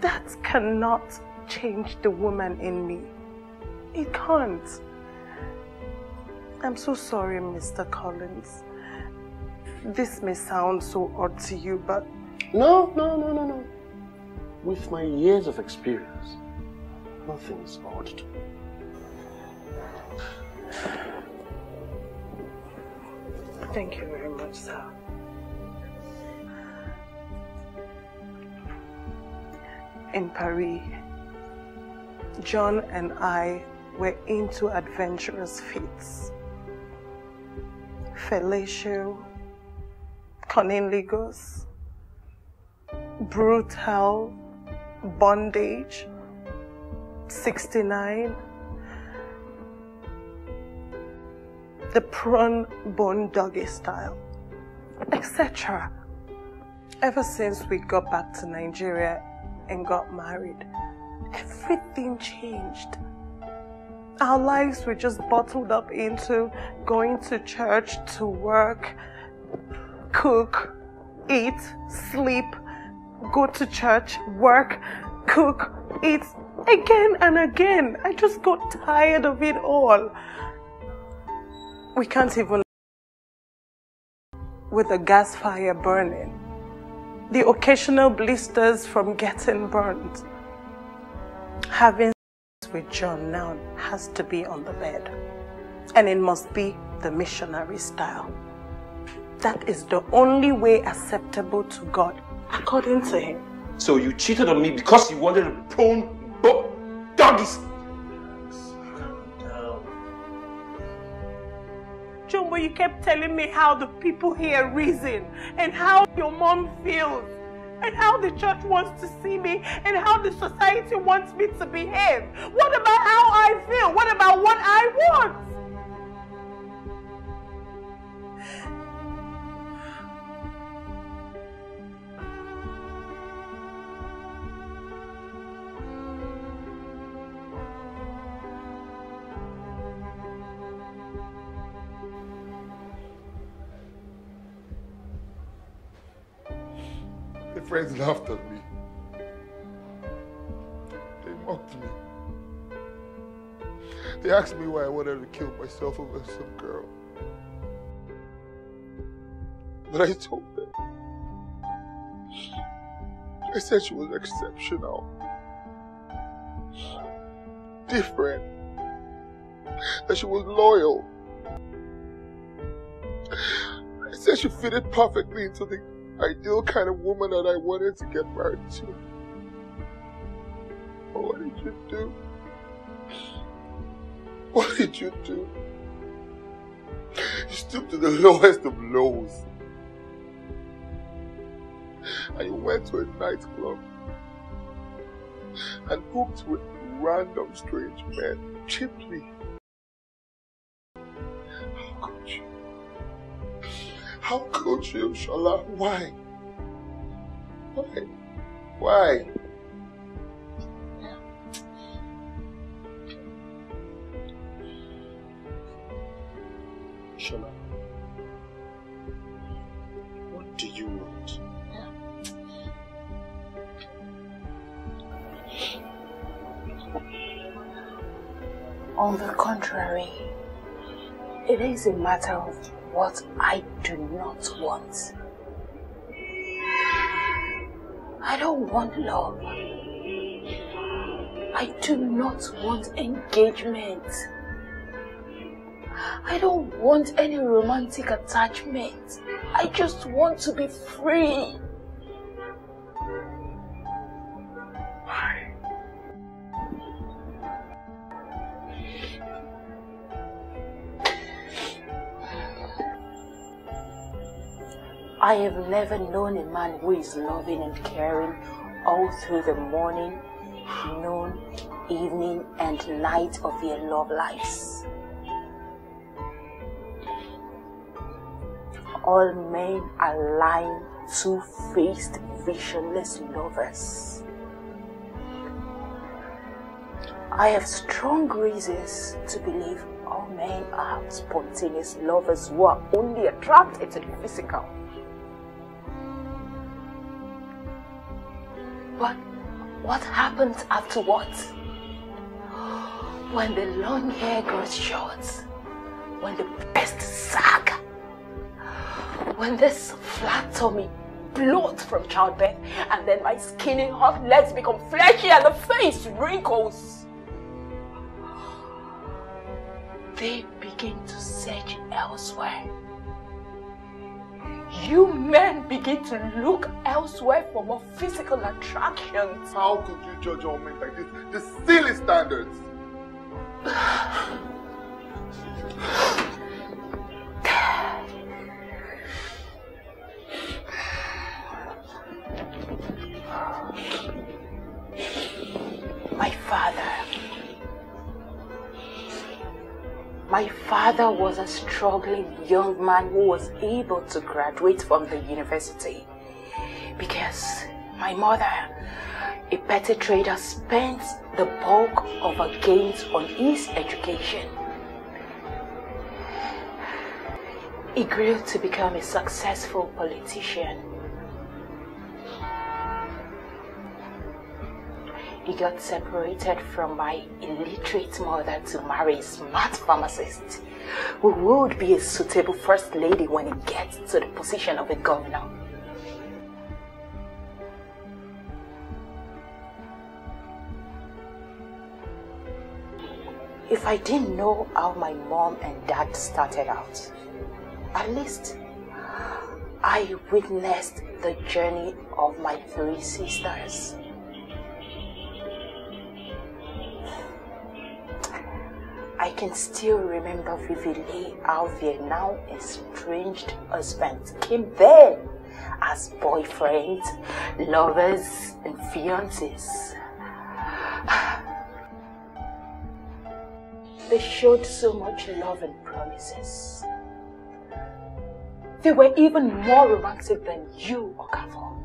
that cannot change the woman in me. It can't. I'm so sorry, Mr. Collins. This may sound so odd to you, but... No, no, no, no, no. With my years of experience, nothing is odd to me. Thank you very much, sir. in Paris, John and I were into adventurous feats. Fellatio, cunnilingus, brutal, bondage, 69, the prawn bone doggy style, etc. Ever since we got back to Nigeria and got married, everything changed. Our lives were just bottled up into going to church, to work, cook, eat, sleep, go to church, work, cook, eat again and again. I just got tired of it all. We can't even with a gas fire burning the occasional blisters from getting burnt. Having sex with John now has to be on the bed, and it must be the missionary style. That is the only way acceptable to God, according to him. So you cheated on me because you wanted a prone doggy. But you kept telling me how the people here reason and how your mom feels and how the church wants to see me and how the society wants me to behave. What about how I feel? What about what I want? guys laughed at me. They mocked me. They asked me why I wanted to kill myself over some girl. But I told them. I said she was exceptional. Different. That she was loyal. I said she fitted perfectly into the ideal kind of woman that I wanted to get married to. But what did you do? What did you do? You stooped to the lowest of lows. And you went to a nightclub and hooked with random strange men cheaply. How could you, Shola? Why? Why? Why? Shola, what do you want? On the contrary, it is a matter of what I do not want. I don't want love. I do not want engagement. I don't want any romantic attachment. I just want to be free. I have never known a man who is loving and caring all through the morning, noon, evening, and night of their love lives. All men are lying, two-faced, visionless lovers. I have strong reasons to believe all men are spontaneous lovers who are only attracted to the physical. But what happens afterwards? When the long hair grows short, when the best sag, when this flat tummy bloats from childbirth, and then my skinny hot legs become fleshy and the face wrinkles. They begin to search elsewhere you men begin to look elsewhere for more physical attractions. How could you judge all men like this? The silly standards. My father was a struggling young man who was able to graduate from the university because my mother, a petty trader, spent the bulk of her gains on his education. He grew to become a successful politician he got separated from my illiterate mother to marry a smart pharmacist who would be a suitable first lady when he gets to the position of a governor. If I didn't know how my mom and dad started out, at least I witnessed the journey of my three sisters. I can still remember vividly how their now estranged husbands came there as boyfriends, lovers, and fiancés. They showed so much love and promises. They were even more romantic than you, Okafo.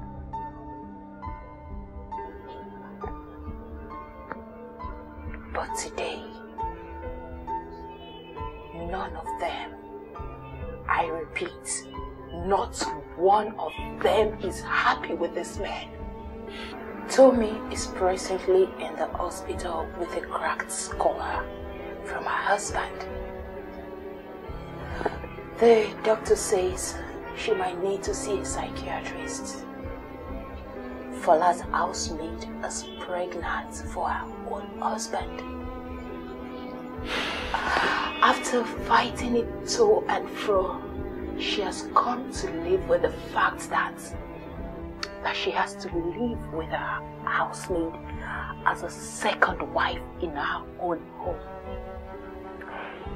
But today, none of them. I repeat, not one of them is happy with this man. Tommy is presently in the hospital with a cracked skull from her husband. The doctor says she might need to see a psychiatrist. Fola's housemaid is pregnant for her own husband. After fighting it to and fro, she has come to live with the fact that, that she has to live with her housemaid as a second wife in her own home.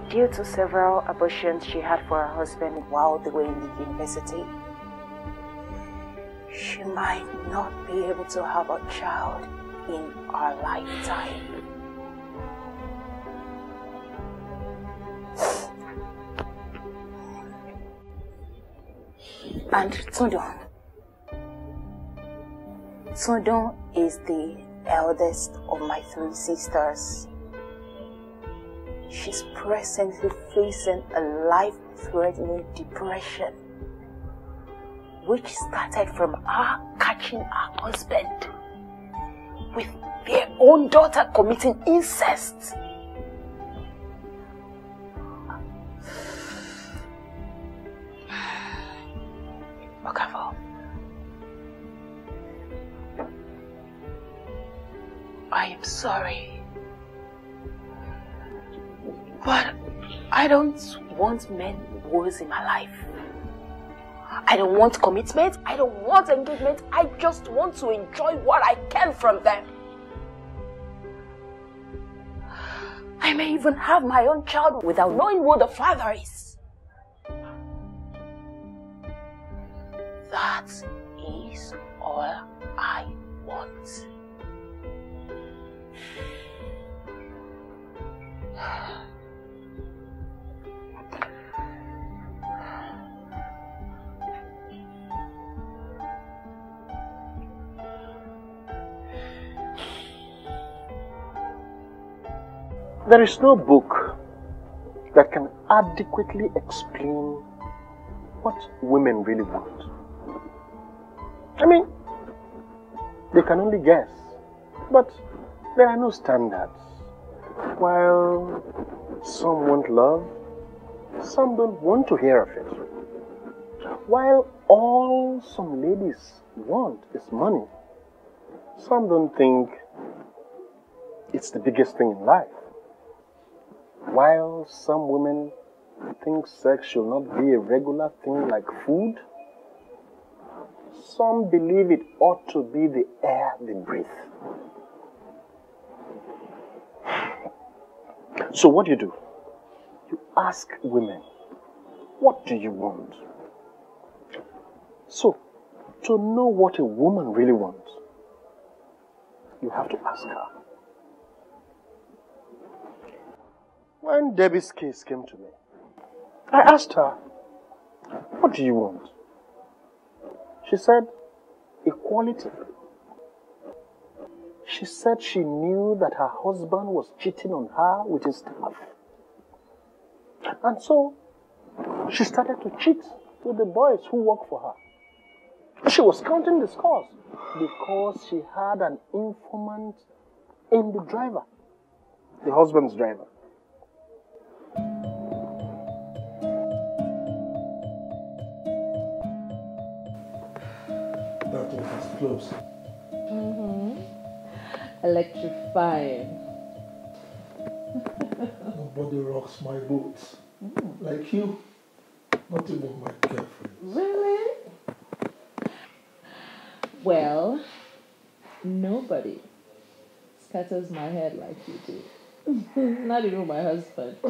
Due to several abortions she had for her husband while they were in the university, she might not be able to have a child in our lifetime. And Tsodon. Tsodon is the eldest of my three sisters. She's presently facing a life-threatening depression, which started from her catching her husband with their own daughter committing incest. sorry. But I don't want men worries in my life. I don't want commitment. I don't want engagement. I just want to enjoy what I can from them. I may even have my own child without knowing who the father is. That is all I There is no book that can adequately explain what women really want. I mean, they can only guess, but there are no standards. While some want love, some don't want to hear of it. While all some ladies want is money, some don't think it's the biggest thing in life. While some women think sex should not be a regular thing like food, some believe it ought to be the air they breathe. So what do you do? You ask women, what do you want? So, to know what a woman really wants, you have to ask her. When Debbie's case came to me, I asked her, What do you want? She said, Equality. She said she knew that her husband was cheating on her with his staff. And so she started to cheat with the boys who work for her. She was counting the scores because she had an informant in the driver, the husband's driver. That was close electrifying. Nobody rocks my boots mm. like you. Not even my girlfriend. Really? Well, nobody scatters my head like you do. Not even my husband.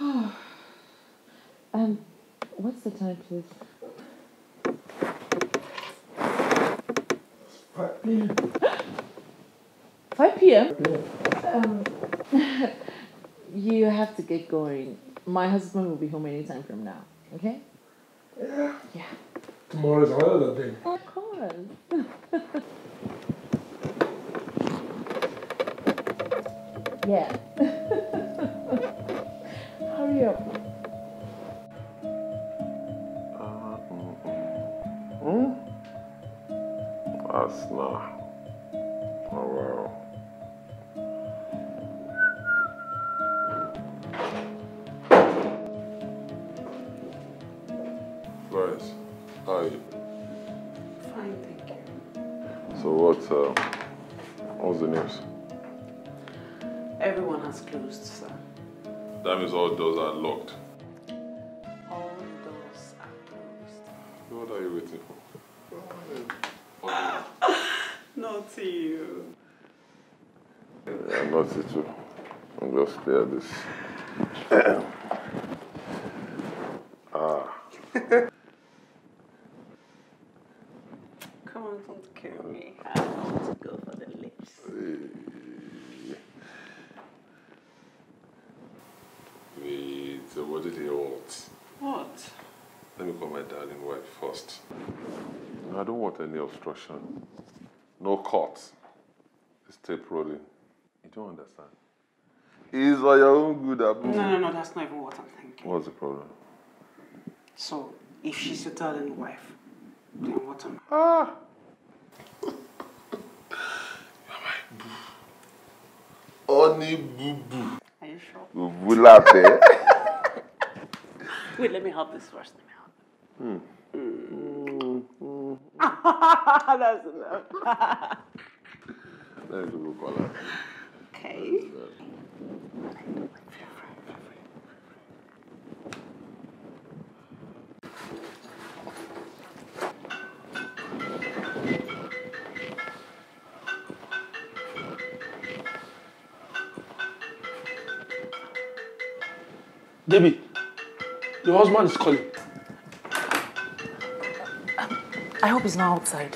And what's the time, please? 5 p.m. 5 p.m.? Um, you have to get going. My husband will be home anytime from now, okay? Yeah. Yeah. Tomorrow's another day. Of course. yeah. time is all doors are locked. All doors are closed. What are you waiting for? not you. I'm not you too. I'm gonna spare this. ah. do What? Let me call my darling wife first. No, I don't want any obstruction. No cut. It's tape rolling. You don't understand. It's for your own good. Abu. No, no, no, that's not even what I'm thinking. What's the problem? So, if she's your darling wife, then what am I? Ah! Honey are boo. boo Are you sure? Boo boo Wait, let me help this first. Let me help. Hmm. That's enough. That is a look all Okay. Debbie. Your husband is calling. I hope he's not outside.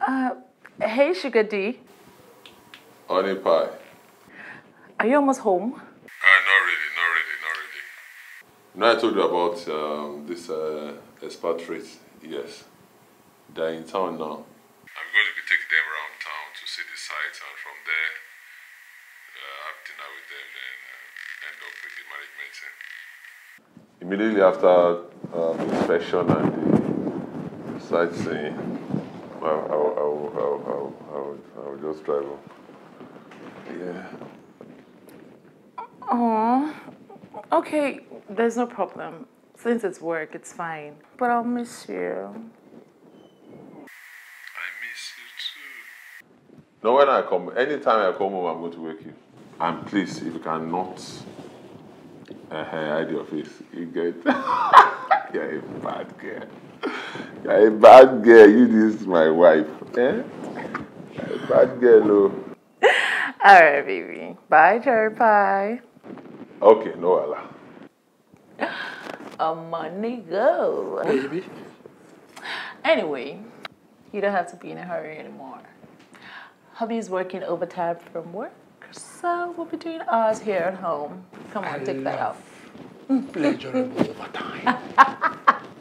Uh, hey, Sugar D. Honey pie. Are you almost home? Uh, not really, not really, not really. You know, I told you about um, this uh, expatriate, yes. They're in town now. immediately after um, inspection and the sightseeing, I, I, I, I, I'll just drive home. Yeah. Oh, okay. There's no problem. Since it's work, it's fine. But I'll miss you. I miss you too. No, when I come, anytime I come home, I'm going to wake you. And please, if you cannot uh-huh, hide your face. You get. You're a bad girl. You're a bad girl. You this is my wife. Eh? You're a bad girl, oh. All right, baby. Bye, cherry pie. Okay, no Allah. A money go. Baby. Anyway, you don't have to be in a hurry anymore. Hubby's working overtime from work, so we'll be doing ours here at home. Come on, I take that out. pleasurable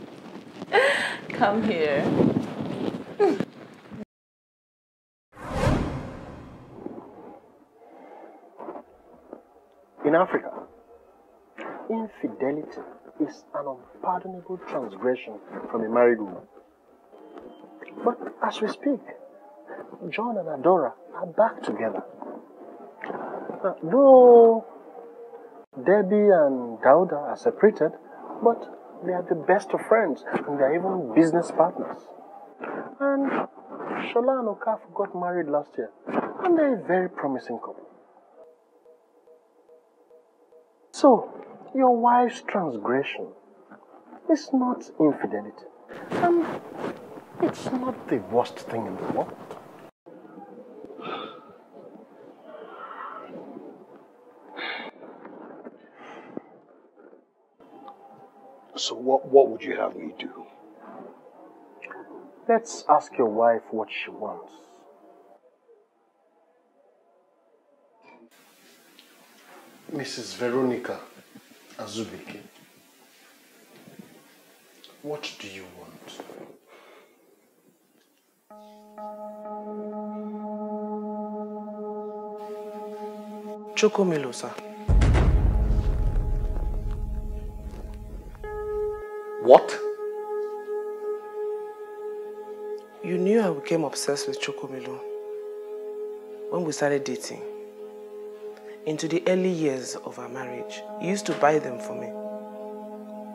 Come here. In Africa, infidelity is an unpardonable transgression from a married woman. But as we speak, John and Adora are back together. Now, though Debbie and Dauda are separated, but they are the best of friends and they're even business partners. And Shola and Okaf got married last year, and they're a very promising couple. So, your wife's transgression is not infidelity, and it's not the worst thing in the world. So what, what would you have me do? Let's ask your wife what she wants. Mrs. Veronica Azubike, what do you want? Choco Melosa. What? You knew I became obsessed with Chokomilo when we started dating. Into the early years of our marriage, you used to buy them for me.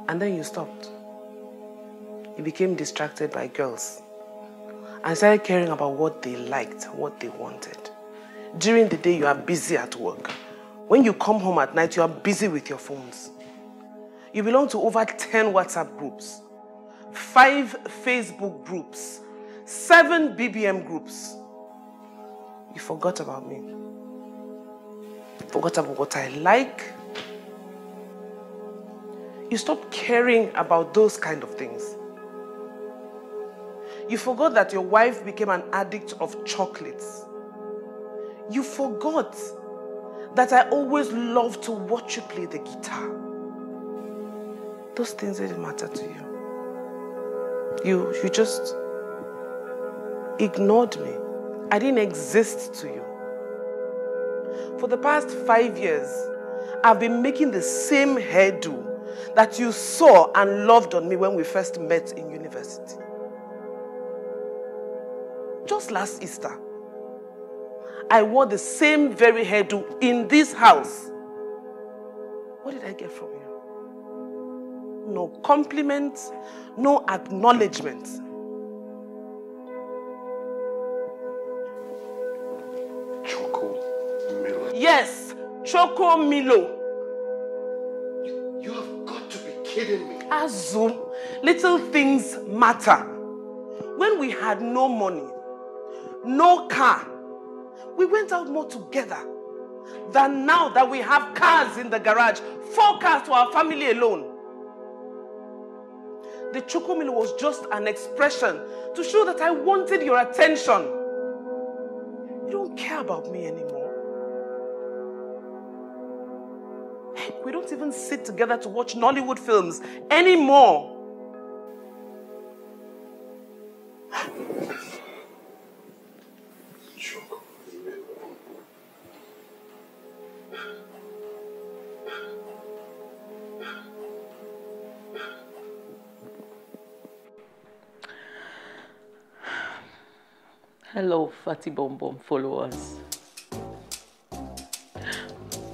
And then you stopped. You became distracted by girls and started caring about what they liked, what they wanted. During the day, you are busy at work. When you come home at night, you are busy with your phones you belong to over 10 WhatsApp groups, five Facebook groups, seven BBM groups. You forgot about me. You forgot about what I like. You stopped caring about those kind of things. You forgot that your wife became an addict of chocolates. You forgot that I always loved to watch you play the guitar those things didn't matter to you. You, you just ignored me. I didn't exist to you. For the past five years, I've been making the same hairdo that you saw and loved on me when we first met in university. Just last Easter, I wore the same very hairdo in this house. What did I get from you? no compliment, no acknowledgement. Choco Milo. Yes, Choco Milo. You, you have got to be kidding me. Azu, little things matter. When we had no money, no car, we went out more together than now that we have cars in the garage, four cars to our family alone. The chukumil was just an expression to show that I wanted your attention. You don't care about me anymore. Heck, we don't even sit together to watch Nollywood films anymore. love Fatty Bomb Bomb followers.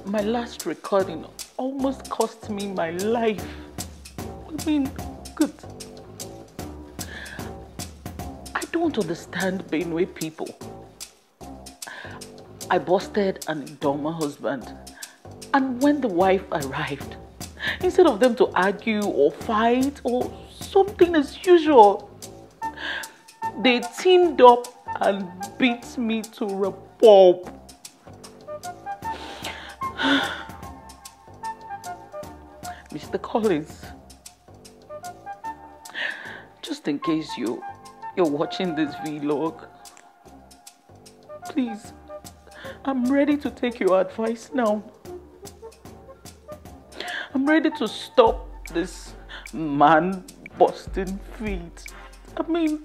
My last recording almost cost me my life. I mean, good. I don't understand Benue people. I busted an Indoma husband. And when the wife arrived, instead of them to argue or fight or something as usual, they teamed up and beat me to a pulp. Mr. Collins, just in case you you're watching this vlog, please, I'm ready to take your advice now. I'm ready to stop this man busting feet. I mean,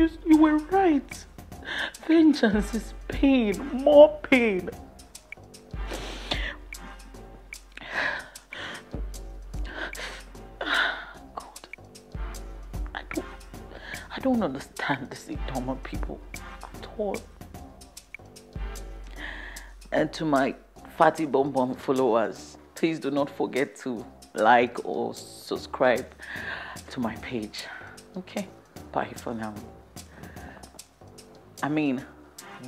you, you were right. Vengeance is pain, more pain. God, I don't, I don't understand these Idoma people at all. And to my fatty bomb bomb followers, please do not forget to like or subscribe to my page. Okay, bye for now. I mean,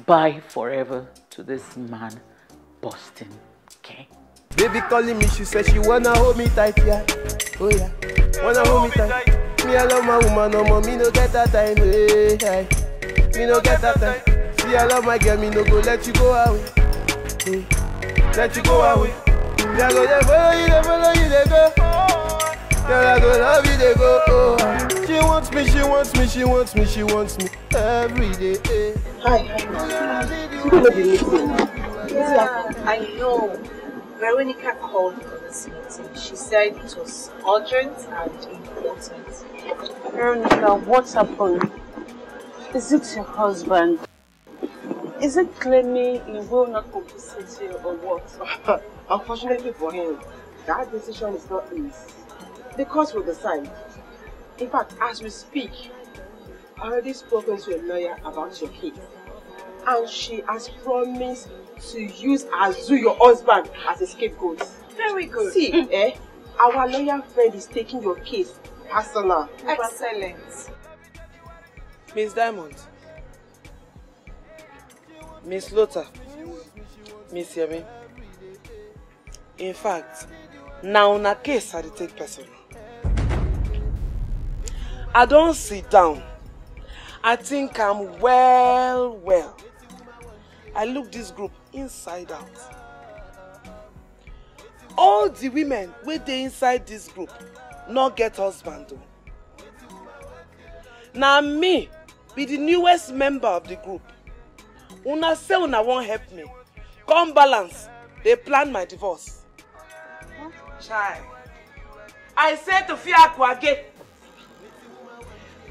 bye forever to this man, Boston. Okay? Baby calling me, she said she wanna hold me tight, yeah. Oh yeah, wanna hold me tight. Me I love my woman, no more. Me no get that time, hey, eh, eh. hey. Me no get that time. See I love my girl, me no go let you go away. Hey. Eh. Let you go away. Me I go follow you, follow you, go. Girl, I go love you, they go. She wants me, she wants me, she wants me, she wants me every day. Eh. Hi, hi. Yeah, I know. Veronica called for this meeting. She said it was urgent and important. Veronica, what happened? Is it your husband? Is it claiming he will not compensate you or what? Unfortunately for him, that decision is not his. The cause will decide. In fact, as we speak, I already spoken to a lawyer about your case. And she has promised to use Azu, your husband, as a scapegoat. Very good. See, eh, our lawyer friend is taking your case personal. Excellent. Miss Diamond. Miss Lota. Miss Yemi. In fact, now a case I take personal. I don't sit down. I think I'm well well. I look this group inside out. All the women wey dey inside this group not get husband Now me be the newest member of the group. Una say una wan help me. Come balance They plan my divorce. Huh? Child, I said to Fiaku again.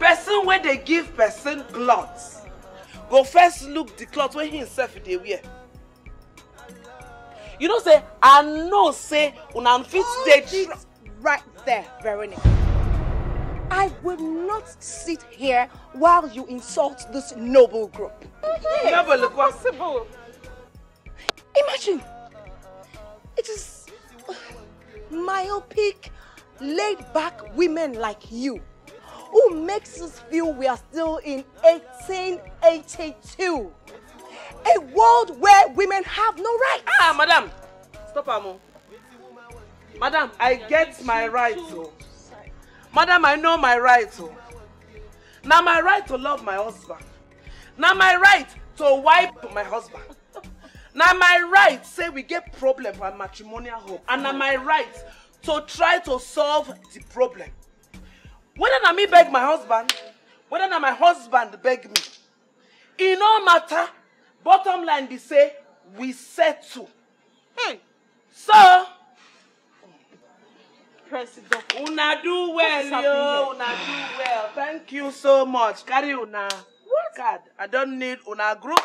person when they give person clothes, go first look the cloth wey himself they wear you know say i know say una fit dey right there veronica i will not sit here while you insult this noble group. yes noble it's possible. imagine it is uh, myopic laid back women like you who makes us feel we are still in 1882. A world where women have no rights. Ah, madam, stop am. Madam, I get my rights. Oh. Madam, I know my rights. Oh. Na my right to love my husband. Now my right to wipe my husband. Now my right say we get problem for matrimonial home. And now my right to try to solve the problem whether na me beg my husband whether na my husband beg me e no matter bottom line be say we settle hmm. so president una do well yo una do well thank you so much carry una what card i don't need una group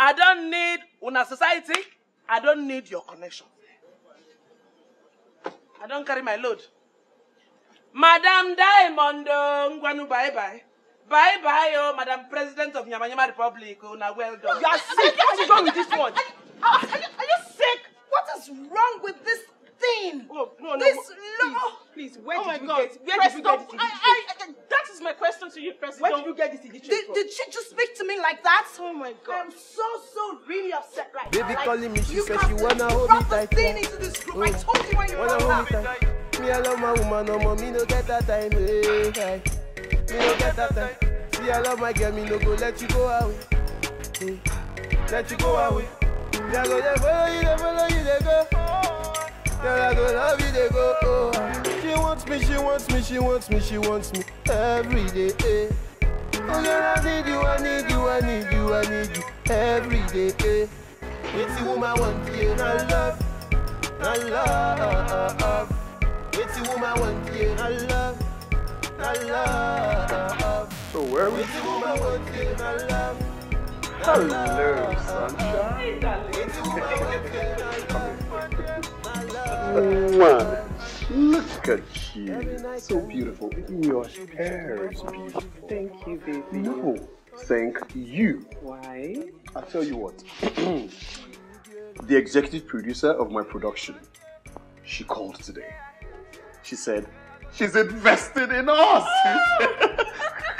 i don't need una society i don't need your connection i don't carry my load. Madam Diamond, Ngwanu, bye bye. Bye bye, oh, Madam President of Nyamanyama Republic. Oh, now well done. You are sick. What is wrong with this one? Are you, are, you, are you sick? What is wrong with this thing? Oh, no, no. This no. Please, where oh did you God. get Where President, did you get this I, I, I, That is my question to you, President. Where did you get this did, Did she just speak to me like that? Oh, my God. I'm so, so really upset right Baby now. Baby like, calling me. She said she wanna hold me tight. You the thing into this group. Oh. I told you why you were me, I love my woman, no more, me no get that time, eh, hey. Me no get that time. See, I love my girl, me no go let you go away. Eh. Let you go away. Me, I go, they follow you, they follow you, they go. Girl, I go love you, they go. Oh. She wants me, she wants me, she wants me, she wants me every day, eh. Oh girl, I need you, I need you, I need you, I need you every day. Eh. It's the woman I want, you. I love, I love. It's a woman want you. I love, I love. So where are we? It's a woman want love. Hello, sunshine. Look at you. So beautiful. Your hair is beautiful. Thank you, baby. No, thank you. Why? i tell you what. the executive producer of my production, she called today. She said, She's invested in us.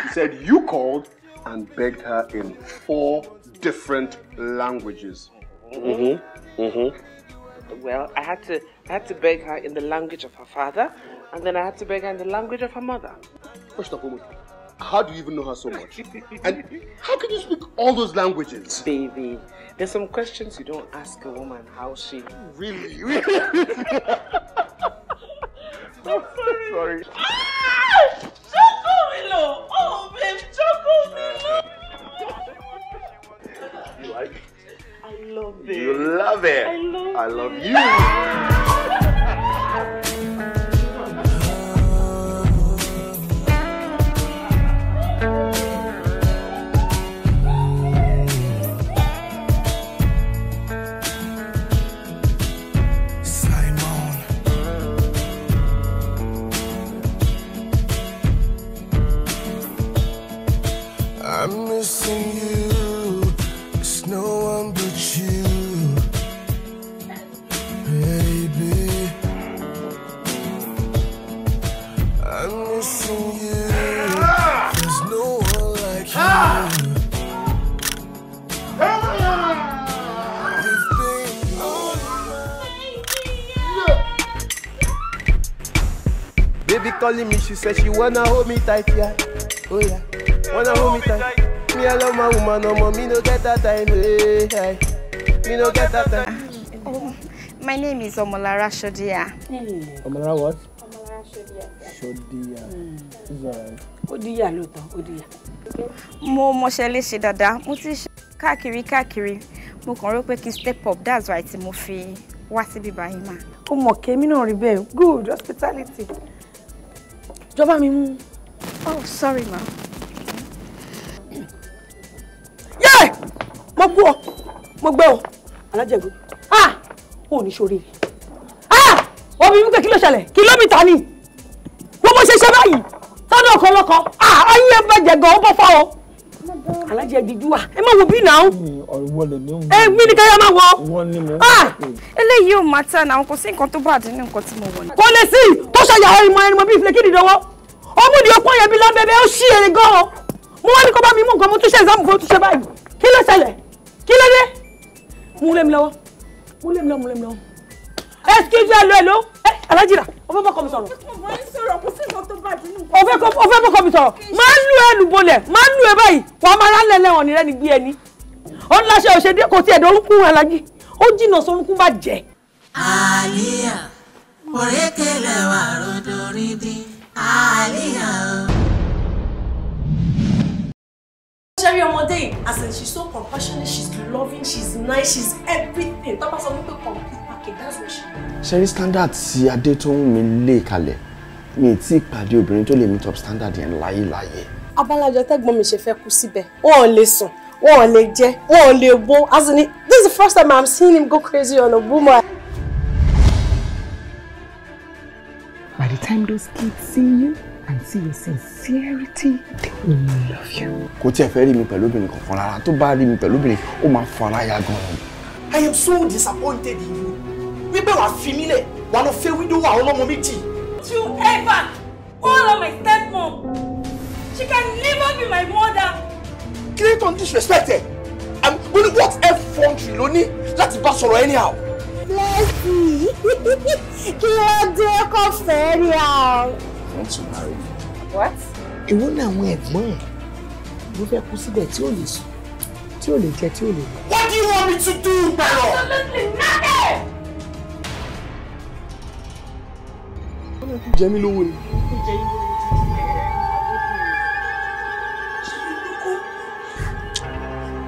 she said, You called and begged her in four different languages. Mm-hmm. Mm-hmm. Well, I had to I had to beg her in the language of her father, and then I had to beg her in the language of her mother. First of all, how do you even know her so much? and how can you speak all those languages? Baby, there's some questions you don't ask a woman how she. Really? sorry. sorry. Ah! Choco Oh, babe, Choco Willow! you like it? I love it. You love it. I love, I love you. I love you. I'm missing you. It's no one but you, baby. I'm missing you. There's no one like you. Baby calling me, she said she wanna hold me tight, yeah. Oh yeah. Wanna hold me tight? Me, I love my woman, no more. Me no get that time, hey, eh, eh. hey. Me no get that time. Oh, my name is Omolara Shodia. Mm. Omolara what? Omolara Shodia. Shodia. Mm. Is Odiya ló Odiya. Mo mọṣẹ́ léṣe dáadáa, mo ti ṣe káàkiri káàkiri, mo kàn rò pé kí step up, that's why tí mo fi wá síbí ma? mà. Ó mọ̀ kémi náà rí bẹ́ẹ̀, good hospitality. Jọba mi mú. Oh, sorry ma. mo kú ọ mo gbẹ ọ alájẹgbẹ ah ò ní sórí rẹ ah omi wípé kí ló ṣẹlẹ̀ kìlómítà ni wọ́n bó ṣe ṣe báyìí sọ́dọ̀ ọkọ lọ́kọ ah ayé ẹ bàjẹ́ gan ó bọ́ fọ́ ọ alájẹ dídú wa ẹ má wo bí náà ẹ mi ni káyọ̀ máa wọ ah! eléyìí ò máa tán àwọn kò sí nǹkan tó bá àdín ní nǹkan tí mo wọ̀ ni. kò lè sí tó ṣe yàrá ìmọ̀ ẹni mọ̀ bíi ìfilẹ̀ kíni dánwọ́ ọmúdi ọpọ́n yẹn bí lábẹ́bẹ́ ó ṣí èrè gan-an mo wá ní kó bá mi mú nǹkan mo tún ṣe fún tún ṣe báyìí kí ló ṣẹlẹ̀ kí ló dé mú lé mi lọ́wọ́ mú lé mi lọ́wọ́ mú lé mi lọ́wọ́ excuse me hello hello eh, alájìrà o fẹ́ bọ́kọ mi sọ̀rọ̀. o fẹ́ bọ́kọ mi sọ̀rọ̀ máa ń lu ẹnu bolẹ̀ máa ń lu ẹ báyìí wàá máa rán lẹ́lẹ́ ọ̀nì rẹ ní gbé ẹni ọ̀n láṣẹ òṣèdè kò tiẹ̀ dọ̀rùnkún alájì ó jìnnà sọ̀rùnkún bá jẹ́. àlìyà òrékelẹ̀ wà ròdòrídìí àlìyà o. Sherry Omode, as in she's so compassionate, she's loving, she's nice, she's everything. Tó bá sọ wípé complete package, that's what she is. Sherry standard tí Adétóhùnmi lè kalẹ̀, mi ti pàdé obìnrin tó lè meet up standard yẹn láyéláyé. Abalajọ tẹ́gbọ́n mi ṣe fẹ́ kú síbẹ̀, wọn ò lè sùn, wọn ò lè jẹ, wọn ò As in, this is the first time I'm seeing him go crazy on a woman. By the time those kids see you, see your sincerity they will love you. kò tiẹ̀ fẹ́ rí mi pẹ̀lú obìnrin kankan rárá tó bá rí mi pẹ̀lú obìnrin ó máa fara ya gan-an. I am so disappointed in you wípé wàá fi mí lẹ̀ wàá lọ fẹ́ wíńdò àwọn ọlọ́mọ méjì. you ever call on my stepmom she can never be my mother. kí ló tó ń disrespect ẹ àmì mo ní what effrontery ló ní láti bá sọ̀rọ̀ anyhow bless me kí ló dé kó fẹ́ rí àwọn want to marry me. what. èwo ni àwọn ẹ̀gbọ́n ẹ̀ ló fẹ́ kú síbẹ̀ tí ò lè sùn tí ò lè jẹ tí ò lè lọ. what do you want me to do gbẹrọ. absolutely nothing. wọ́n lè kú jẹ mí lówó ni.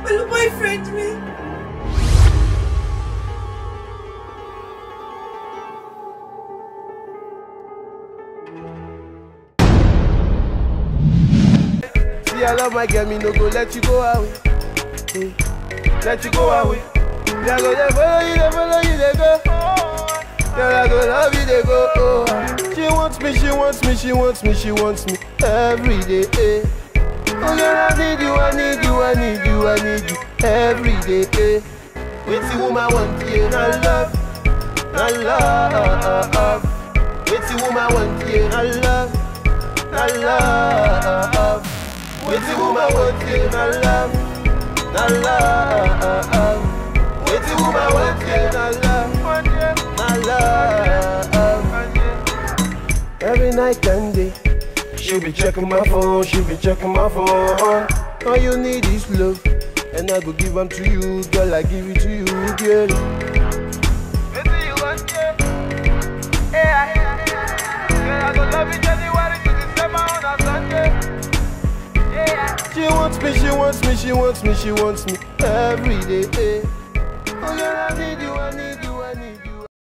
kú boyfriend me. I love my girl, me no go let you go away. Eh, let you go away. They go, they follow you, they follow you, they go. Girl, I go love you, they go. Oh. She wants me, she wants me, she wants me, she wants me every day. Eh. Oh girl, I need you, I need you, I need you, I need you every day. Eh. Wait till woman want you, I love, I love. With the woman want you, I love, I love. With the woman wanting my love, my love. With the woman wanting my love, my love. Every night and day, she be checking my phone, she be checking my phone. All you need is love, and I go give them to you, girl. I give it to you, girl. Yeah, yeah, yeah, Girl, I go love each other, what it is, it's my own Sunday. She wants me, she wants me, she wants me, she wants me every day. Oh girl, I need you, I need you.